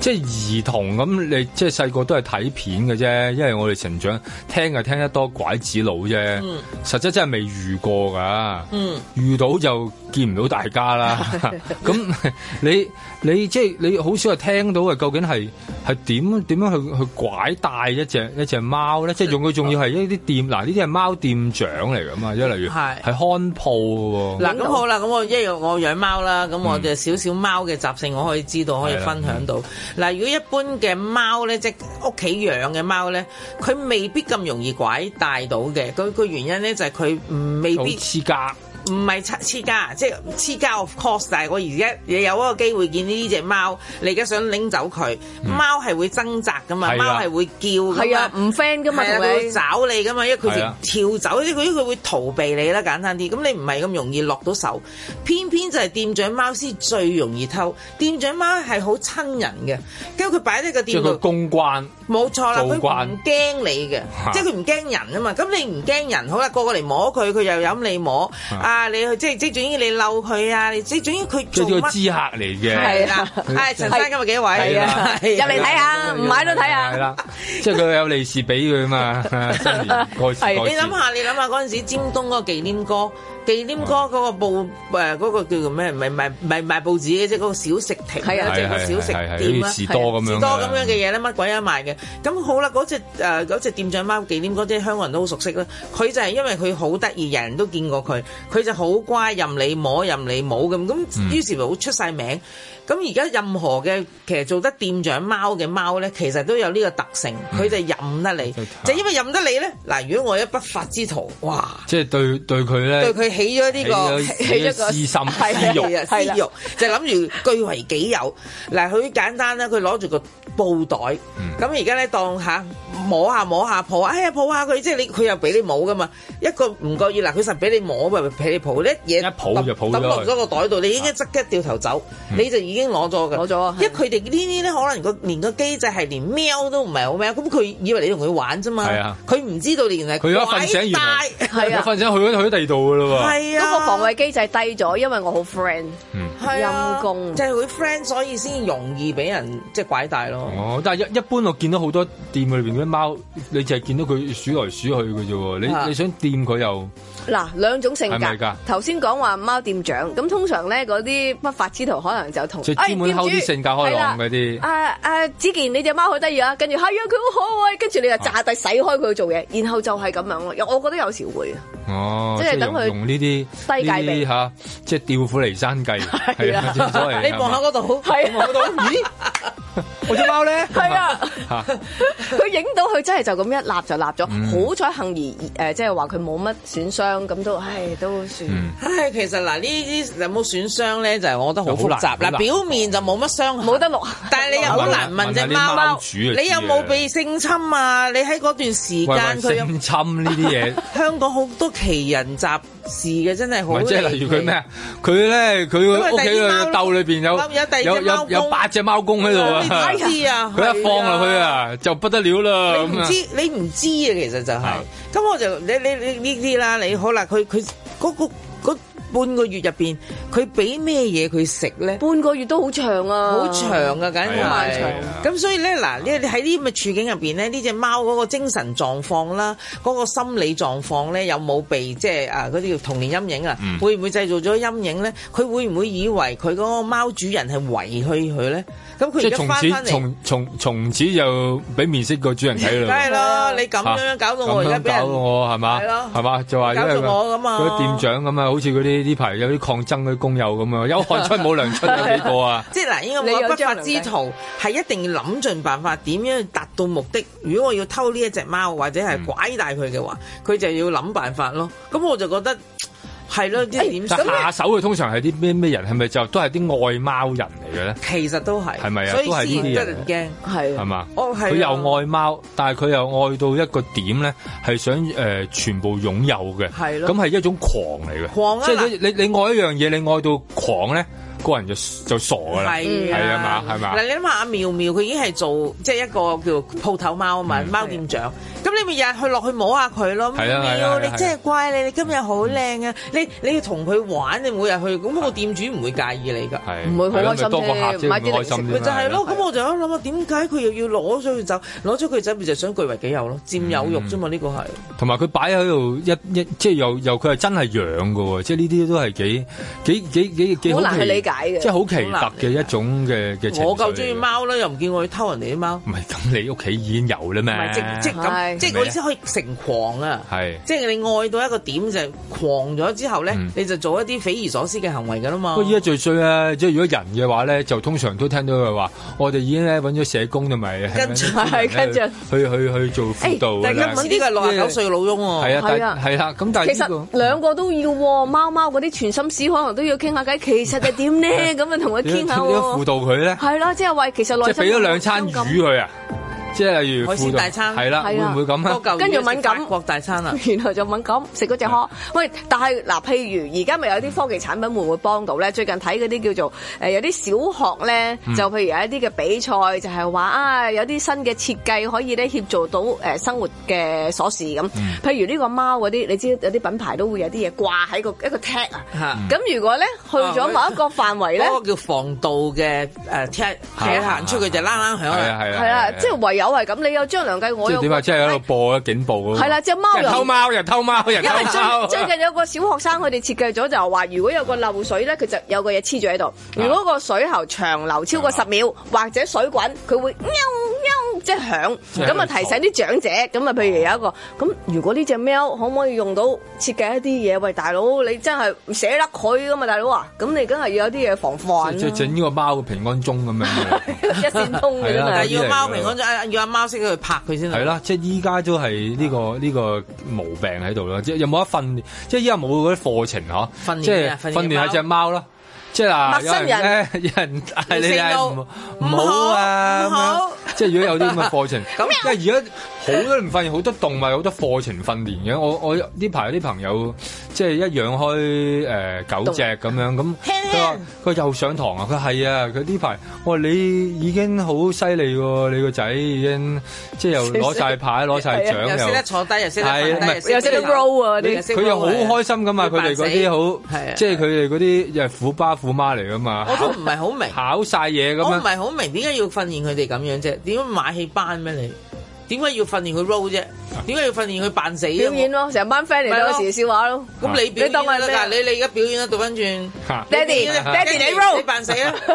即係兒童咁，你即係細個都係睇片嘅啫，因為我哋成長聽就聽得多拐子佬啫，嗯、實質真係未遇過噶，嗯、遇到就見唔到大家啦。咁是的 你你，你即係你好少係聽到啊？究竟係係點點樣去去拐帶一隻一隻貓咧？即係用佢仲要係一啲店嗱，呢啲係貓店長嚟噶嘛？即係例如係看鋪噶。咁好啦，咁我一樣我養貓啦，咁我嘅少少貓嘅習性我可以知道，可以分享到。嗱、嗯，如果一般嘅貓咧，即屋企養嘅貓咧，佢未必咁容易拐帶到嘅。佢個原因咧就係佢唔未必似㗎。唔係黐家即係黐家，of course，但係我而家有有一個機會見呢隻貓，你而家想拎走佢，嗯、貓係會掙扎噶嘛，是的 貓係會叫嘅，係啊，唔 friend 噶嘛，佢會找你噶嘛，因為佢跳走，佢是的 因為會逃避你啦，簡單啲。咁你唔係咁容易落到手，偏偏就係店長貓先最容易偷。店長貓係好親人嘅，跟住佢擺喺個店度，公關。冇錯啦，佢唔驚你嘅，即係佢唔驚人啊嘛。咁你唔驚人，人，好啦，個個嚟摸佢，佢又飲你摸啊！你去即係即，係主要你嬲佢啊！你即係主要佢做咩？即做咨客嚟嘅。係啦，唉，陳生今日幾位啊？啊，入嚟睇下，唔買都睇下。係啦，即係佢有利是俾佢啊嘛？係你諗下，你諗下嗰陣時尖東嗰個忌廉哥。忌廉哥嗰個報誒嗰、呃那個叫做咩？唔係賣唔係賣，賣，賣，賣，賣報紙嘅啫，嗰、那個小食亭啦，即係個小食店、啊、士多咁樣，啊、士多咁樣嘅嘢咧，乜鬼都賣嘅。咁好啦，嗰隻誒隻店長貓忌廉哥，啲香港人都好熟悉啦。佢就係因為佢好得意，人人都見過佢，佢就好乖，任你摸任你摸咁，咁、嗯、於是咪好出晒名。咁而家任何嘅，其實做得店長貓嘅貓咧，其實都有呢個特性，佢就任得你，就因為任得你咧。嗱，如果我一不法之徒，哇！即係對對佢咧，對佢起咗呢個起咗私心私欲，私欲就諗住據為己有。嗱，好簡單啦，佢攞住個布袋，咁而家咧當吓摸下摸下抱，哎呀抱下佢，即係你佢又俾你摸噶嘛，一個唔覺意嗱佢實俾你摸咪，俾你抱，一嘢一抱就抱咗落咗個袋度，你已經即刻掉頭走，你就以。已經攞咗嘅，攞咗啊！因為佢哋呢啲咧，可能個連個機制係連喵都唔係好喵，咁佢以為你同佢玩啫嘛。係啊的，佢唔知道原來佢瞓醒完，佢瞓 的醒去咗去咗第二度噶啦。係啊的，嗰的個防衛機制低咗，因為我好 friend。嗯陰公，即係會 friend，所以先容易俾人即係拐帶咯。哦，但係一一般我見到好多店裏邊嗰啲貓，你就係見到佢鼠來鼠去嘅啫喎。你你想掂佢，又嗱兩種性格，頭先講話貓店長咁，通常咧嗰啲不法之徒可能就同即係門口啲性格開朗嗰啲誒店主係啦。誒誒，子健你隻貓好得意啊，跟住係啊，佢好可愛，跟住你就炸低使開佢去做嘢，然後就係咁樣。我覺得有時會哦，即係等佢同呢啲低界兵即係調虎離山計。係啦，你望下嗰度，係嗰度，咦？我隻貓咧，係啊，佢影到佢真係就咁一立就立咗。好彩幸而誒，即係話佢冇乜損傷，咁都唉都算。唉，其實嗱，呢啲有冇損傷咧，就係我覺得好複雜。嗱，表面就冇乜傷，冇得落。但係你又好難問隻貓。貓，你有冇被性侵啊？你喺嗰段時間，佢有侵呢啲嘢？香港好多奇人雜事嘅真係好，即係例如佢咩啊？佢咧佢個屋企個貓竇裏邊有有有有八隻貓公喺度啊！佢 一放落去啊，就不得了啦樣！你唔知你唔知啊，其實就係、是、咁的我就你你你呢啲啦，你好啦佢佢嗰個嗰。半個月入邊，佢俾咩嘢佢食咧？半個月都好長啊，好長啊，梗係咁，的所以咧嗱，你喺呢咁嘅處境入邊咧，呢隻的貓嗰個精神狀況啦，嗰、那個心理狀況咧，有冇被即係啊嗰啲、那個、童年陰影啊，嗯、會唔會製造咗陰影咧？佢會唔會以為佢嗰個貓主人係遺棄佢咧？咁佢就翻翻嚟，從此就俾面識個主人睇。梗係啦，啊、你咁樣搞到我而家俾人，啊、搞到我係嘛？係咯，係嘛嗎？就話因為嗰個店長咁啊，好似嗰啲。呢排有啲抗爭嗰啲工友咁樣，有汗出冇糧出，有幾個啊！ 即係嗱，呢個不法之徒係一定要諗盡辦法，點樣達到目的？如果我要偷呢一隻貓或者係拐帶佢嘅話，佢、嗯、就要諗辦法咯。咁我就覺得。係咯，啲點？但係下手嘅通常係啲咩咩人？係咪就都係啲愛貓人嚟嘅咧？其實都係。係咪啊？都係呢啲得人驚。係。係嘛？哦係。佢又愛貓，但係佢又愛到一個點咧，係想誒全部擁有嘅。係咯。咁係一種狂嚟嘅。狂啊！即係你你你愛一樣嘢，你愛到狂咧，個人就就傻噶啦。係啊嘛，係嘛？嗱，你諗下阿妙妙，佢已經係做即係一個叫鋪頭貓啊嘛，貓店長。咁你咪日去落去摸下佢咯，妙！你真係乖，你你今日好靚啊！你你要同佢玩，你每日去，咁個店主唔會介意你㗎，唔會好開心啫，買啲零食。佢就係咯，咁我就喺度諗啊，點解佢又要攞咗佢走，攞咗佢走，咪就係想據為己有咯，佔有慾啫嘛？呢個係。同埋佢擺喺度一一，即係又又佢係真係養嘅喎，即係呢啲都係幾幾幾幾幾好難去理解嘅，即係好奇特嘅一種嘅嘅。我夠中意貓啦，又唔見我去偷人哋啲貓。唔係，咁你屋企已經有啦咩？即即咁。即係我意思可以成狂啊！係，即係你愛到一個點就狂咗之後咧，你就做一啲匪夷所思嘅行為㗎啦嘛。不過依家最衰啊，即係如果人嘅話咧，就通常都聽到佢話，我哋已經咧揾咗社工同埋跟住係跟住去去去做輔導嘅啦。即係揾啲個六十九歲嘅老翁喎。係啊係啊係啦。咁但係其實兩個都要喎，貓貓嗰啲全心思可能都要傾下偈。其實係點咧？咁啊同佢傾下喎。點樣輔導佢咧？係啦，即係喂，其實內心俾咗兩餐魚佢啊！即係例如海鮮大餐，係啦，唔會咁啊，跟住敏感國大餐啊，原來就敏感食嗰隻殼。喂，但係嗱，譬如而家咪有啲科技產品會唔會幫到咧？最近睇嗰啲叫做誒有啲小學咧，就譬如有一啲嘅比賽，就係話啊，有啲新嘅設計可以咧協助到誒生活嘅鎖匙咁。譬如呢個貓嗰啲，你知有啲品牌都會有啲嘢掛喺個一個 tag 啊。咁如果咧去咗某一個範圍咧，嗰個叫防盜嘅誒 tag，你行出去就啷啷響啦。係啊，即係唯有。又係咁，你又張良計，我有點啊！即係喺度播緊在警報咯、那個。係啦，隻貓又偷貓，又偷貓，又偷貓，因為最。最近有個小學生，佢哋設計咗就話，如果有個漏水咧，佢就有個嘢黐住喺度。啊、如果個水喉長流超過十秒、啊、或者水滾，佢會喵。即係響，咁啊提醒啲長者，咁啊譬如有一個，咁如果呢隻貓可唔可以用到設計一啲嘢？喂，大佬你真係唔捨得佢噶嘛，大佬啊，咁你梗係要有啲嘢防範。即係整呢個貓嘅平安鐘咁樣，一線通。係要貓平安鐘，要阿貓識去拍佢先。係啦，即係依家都係呢個呢個毛病喺度啦。即係有冇得訓練，即係依家冇嗰啲課程嚇，即係訓練係隻貓啦。即係嗱，有人咧，有人嗌你嗌，唔好啊！好。即係如果有啲咁嘅課程，咁樣即係如果。好多人發現好多動物，有好多課程訓練嘅。我我呢排有啲朋友即係一養開誒狗隻咁樣咁，佢話佢又上堂啊。佢係啊，佢呢排我話你已經好犀利喎，你個仔已經即係又攞晒牌、攞晒獎又坐低又識得，佢又好開心㗎嘛。佢哋嗰啲好，即係佢哋嗰啲又係虎爸虎媽嚟㗎嘛。我都唔係好明考晒嘢咁啊！我唔係好明點解要訓練佢哋咁樣啫？點解買戲班咩你？點解要訓練佢 roll 啫？點解要訓練佢扮死？表演、啊、咯，成班 friend 嚟嗰時笑話咯。咁你表你當係啦，你你而家表演啦，倒翻轉，Daddy，Daddy，你 roll 你扮爸死啊！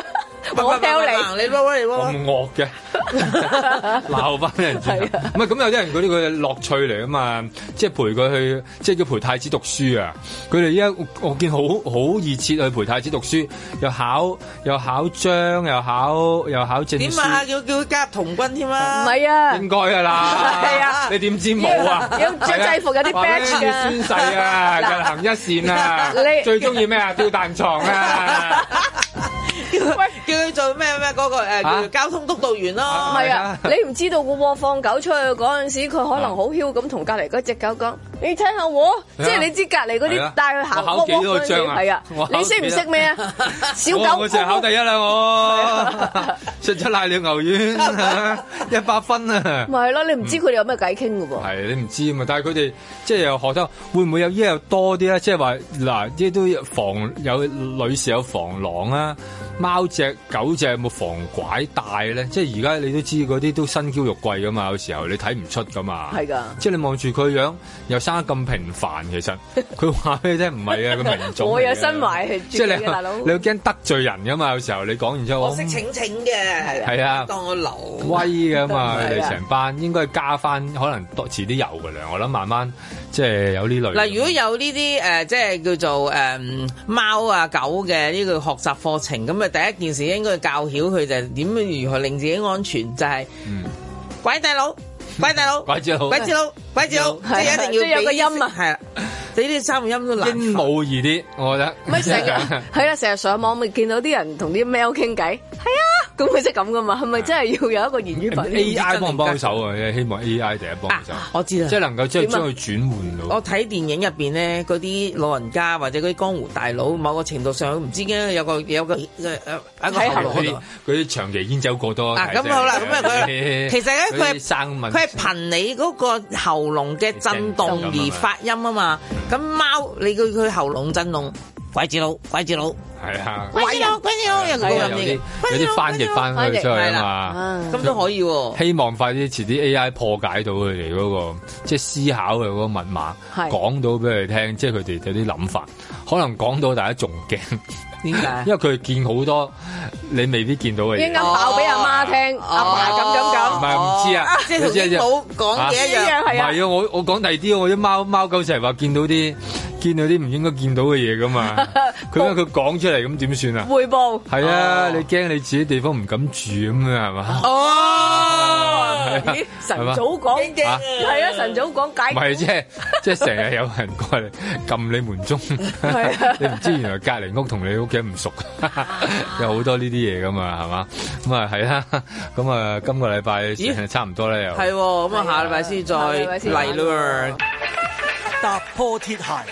我 tell 你，我咁惡嘅鬧翻人住，唔係咁有啲人佢呢個樂趣嚟啊嘛，即係陪佢去，即係叫陪太子讀書啊。佢哋依家我見好好熱切去陪太子讀書，又考又考章，又考又考證書。點啊？要要加童軍添啦！唔係啊，應該噶啦。係啊，你點知冇啊？有張制服有啲 badge 嘅。宣誓啊，日行一善啊，最中意咩啊？吊彈牀啊！叫佢做咩咩嗰個誒，叫做交通督導員咯。唔係啊，你唔知道嘅喎。放狗出去嗰陣時，佢可能好囂咁同隔籬嗰隻狗講：你睇下我，即係你知隔籬嗰啲帶去行路。考幾係啊，你識唔識咩啊？小狗公，我真考第一啦！我食咗瀨尿牛丸，一百分啊！咪係咯，你唔知佢哋有咩偈傾嘅噃？係你唔知嘛？但係佢哋即係又學生會唔會有呢？又多啲啊？即係話嗱，即係都防有女士有防狼啊！貓隻狗隻有冇防拐帶咧？即係而家你都知嗰啲都身嬌肉貴噶嘛，有時候你睇唔出噶嘛。係噶，即係你望住佢樣又生得咁平凡，其實佢話畀你聽，唔係啊，佢名種。我有身懷，即係你，你會驚得罪人噶嘛？有時候你講完之後，我識請請嘅係啊，當我流威噶嘛？你哋成班應該加翻，可能多遲啲有噶啦。我諗慢慢即係有呢類。嗱，如果有呢啲誒，即係叫做誒貓啊狗嘅呢個學習課程咁啊～第一件事應該教曉佢就係點樣如何令自己安全，就係嗯鬼大佬，鬼大佬，鬼子佬，鬼子佬，鬼子佬，即係一定要有個音啊，係啊，啲啲三個音都難。鸚鵡易啲，我覺得。咪成日係啦，成日上網咪見到啲人同啲 mail 傾偈，係啊。咁佢即係咁㗎嘛？係咪真係要有一個言語文？AI 幫唔幫手啊？希望 AI 第一幫手。我知啦，即係能夠即係將佢轉換到。我睇電影入邊咧，嗰啲老人家或者嗰啲江湖大佬，某個程度上唔知點解有個有個誒誒，喺喉嚨嗰啲長期煙酒過多。咁好啦，咁啊佢其實咧佢係佢係憑你嗰個喉嚨嘅震動而發音啊嘛。咁貓，你佢佢喉嚨震動。拐子佬，拐子佬，係啊，拐子佬，拐子佬又佢又啲，有啲翻譯翻去出去啊嘛，咁都可以。希望快啲，遲啲 A I 破解到佢哋嗰個，即係思考嘅嗰個密碼，講到俾佢聽，即係佢哋有啲諗法，可能講到大家仲驚。點解？因為佢見好多，你未必見到嘅嘢。應該爆俾阿媽聽，阿爸咁咁咁。唔係唔知啊，即係好講嘢一樣係啊。唔係啊，我我講大啲，我啲貓貓狗成日話見到啲。見到啲唔應該見到嘅嘢㗎嘛？佢因為佢講出嚟咁點算啊？彙報。係啊，你驚你自己地方唔敢住咁樣係嘛？哦，晨早講係啊，晨早講解決。唔係即係即係成日有人過嚟撳你門鐘，你唔知原來隔離屋同你屋企唔熟，有好多呢啲嘢㗎嘛係嘛？咁啊係啊，咁啊今個禮拜差唔多啦又。係喎，咁啊下禮拜先再嚟啦喎，踏破鐵鞋。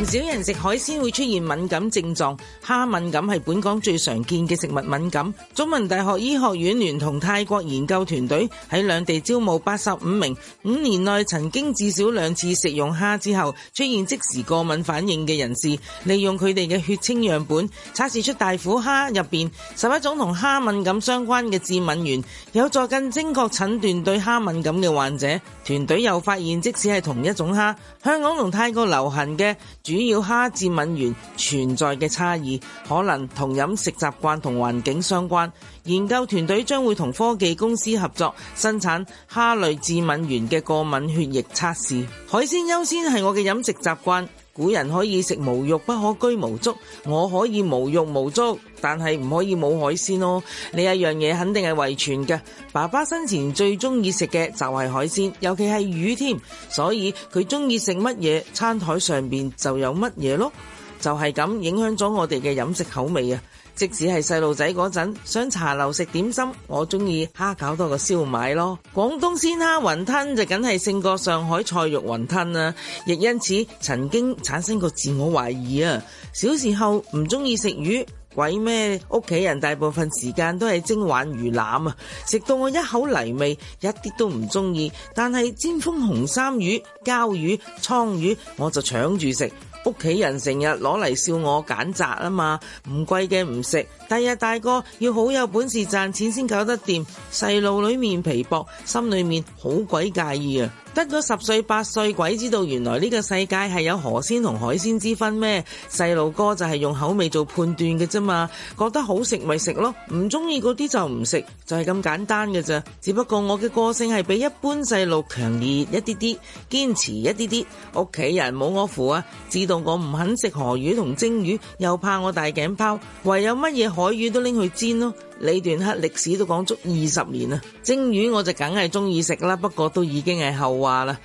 唔少人食海鮮會出現敏感症狀，蝦敏感係本港最常見嘅食物敏感。中文大學醫學院聯同泰國研究團隊喺兩地招募八十五名五年內曾經至少兩次食用蝦之後出現即時過敏反應嘅人士，利用佢哋嘅血清樣本測試出大虎蝦入邊十一種同蝦敏感相關嘅致敏原，有助更精確診斷對蝦敏感嘅患者。團隊又發現，即使係同一種蝦，香港同泰國流行嘅主要蝦致敏原存在嘅差異，可能同飲食習慣同環境相關。研究團隊將會同科技公司合作，生產蝦類致敏原嘅過敏血液測試。海鮮優先係我嘅飲食習慣。古人可以食無肉，不可居無竹。我可以無肉無竹，但係唔可以冇海鮮咯。呢一樣嘢肯定係遺傳嘅。爸爸生前最中意食嘅就係海鮮，尤其係魚添。所以佢中意食乜嘢，餐台上邊就有乜嘢咯。就係咁影響咗我哋嘅飲食口味啊！即使係細路仔嗰陣，上茶樓食點心，我中意蝦餃多過燒賣咯。廣東鮮蝦雲吞就梗係勝過上海菜肉雲吞啦。亦因此，曾經產生過自我懷疑啊。小時候唔中意食魚，鬼咩屋企人大部分時間都係蒸鯇魚腩啊，食到我一口泥味，一啲都唔中意。但係煎封紅衫魚、鮫魚、鯧魚，我就搶住食。屋企人成日攞嚟笑我揀擇啊嘛，唔貴嘅唔食，第日大個要好有本事賺錢先搞得掂，細路裏面皮薄，心裏面好鬼介意啊。得咗十歲八歲，鬼知道原來呢個世界係有河鮮同海鮮之分咩？細路哥就係用口味做判斷嘅啫嘛，覺得好食咪食咯，唔中意嗰啲就唔食，就係咁簡單嘅咋。只不過我嘅個性係比一般細路強烈一啲啲，堅持一啲啲。屋企人冇我扶啊，知道我唔肯食河魚同蒸魚，又怕我大頸泡，唯有乜嘢海魚都拎去煎咯。呢段黑歷史都講足二十年啦！蒸魚我就梗係中意食啦，不過都已經係後話啦。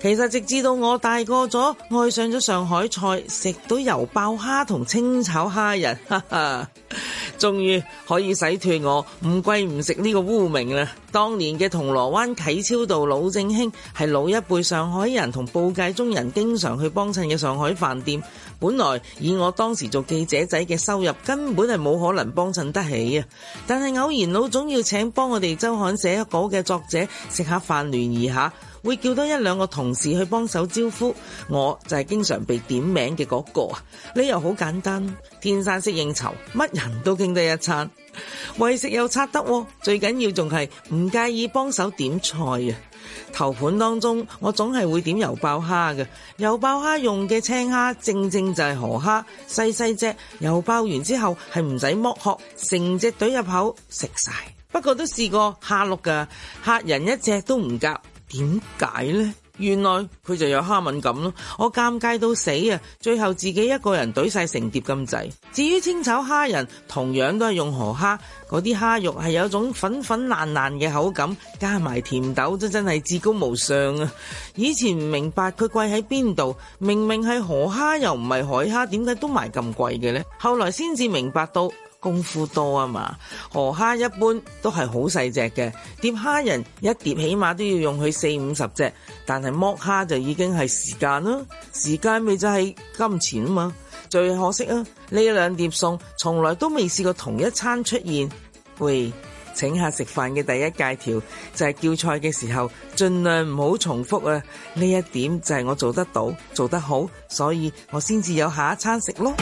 其實直至到我大個咗，愛上咗上海菜，食到油爆蝦同清炒蝦仁，哈哈，終於可以洗脫我唔貴唔食呢個污名啦！當年嘅銅鑼灣啟超道老正興係老一輩上海人同報界中人經常去幫襯嘅上海飯店。本來以我當時做記者仔嘅收入，根本係冇可能幫襯得起啊！但係偶然老總要請幫我哋周刊寫一稿嘅作者食下飯聯誼下，會叫多一兩個同事去幫手招呼，我就係經常被點名嘅嗰個啊！理由好簡單，天生識應酬，乜人都傾得一餐，為食又擦得，最緊要仲係唔介意幫手點菜啊！頭盤當中，我總係會點油爆蝦嘅。油爆蝦用嘅青蝦，正正就係河蝦，細細隻。油爆完之後，係唔使剝殼，成隻懟入口食晒。不過都試過蝦碌㗎，客人一隻都唔夾，點解呢？原來佢就有蝦敏感咯，我尷尬到死啊！最後自己一個人懟晒成碟咁滯。至於清炒蝦仁，同樣都係用河蝦，嗰啲蝦肉係有種粉粉爛爛嘅口感，加埋甜豆，真真係至高無上啊！以前唔明白佢貴喺邊度，明明係河蝦又唔係海蝦，點解都賣咁貴嘅呢？後來先至明白到。功夫多啊嘛，河蝦一般都係好細隻嘅，碟蝦仁一碟起碼都要用佢四五十隻，但係剝蝦就已經係時間啦，時間咪就係金錢啊嘛，最可惜啊，呢兩碟餸從來都未試過同一餐出現。喂，請客食飯嘅第一戒條就係叫菜嘅時候盡量唔好重複啊，呢一點就係我做得到做得好，所以我先至有下一餐食咯。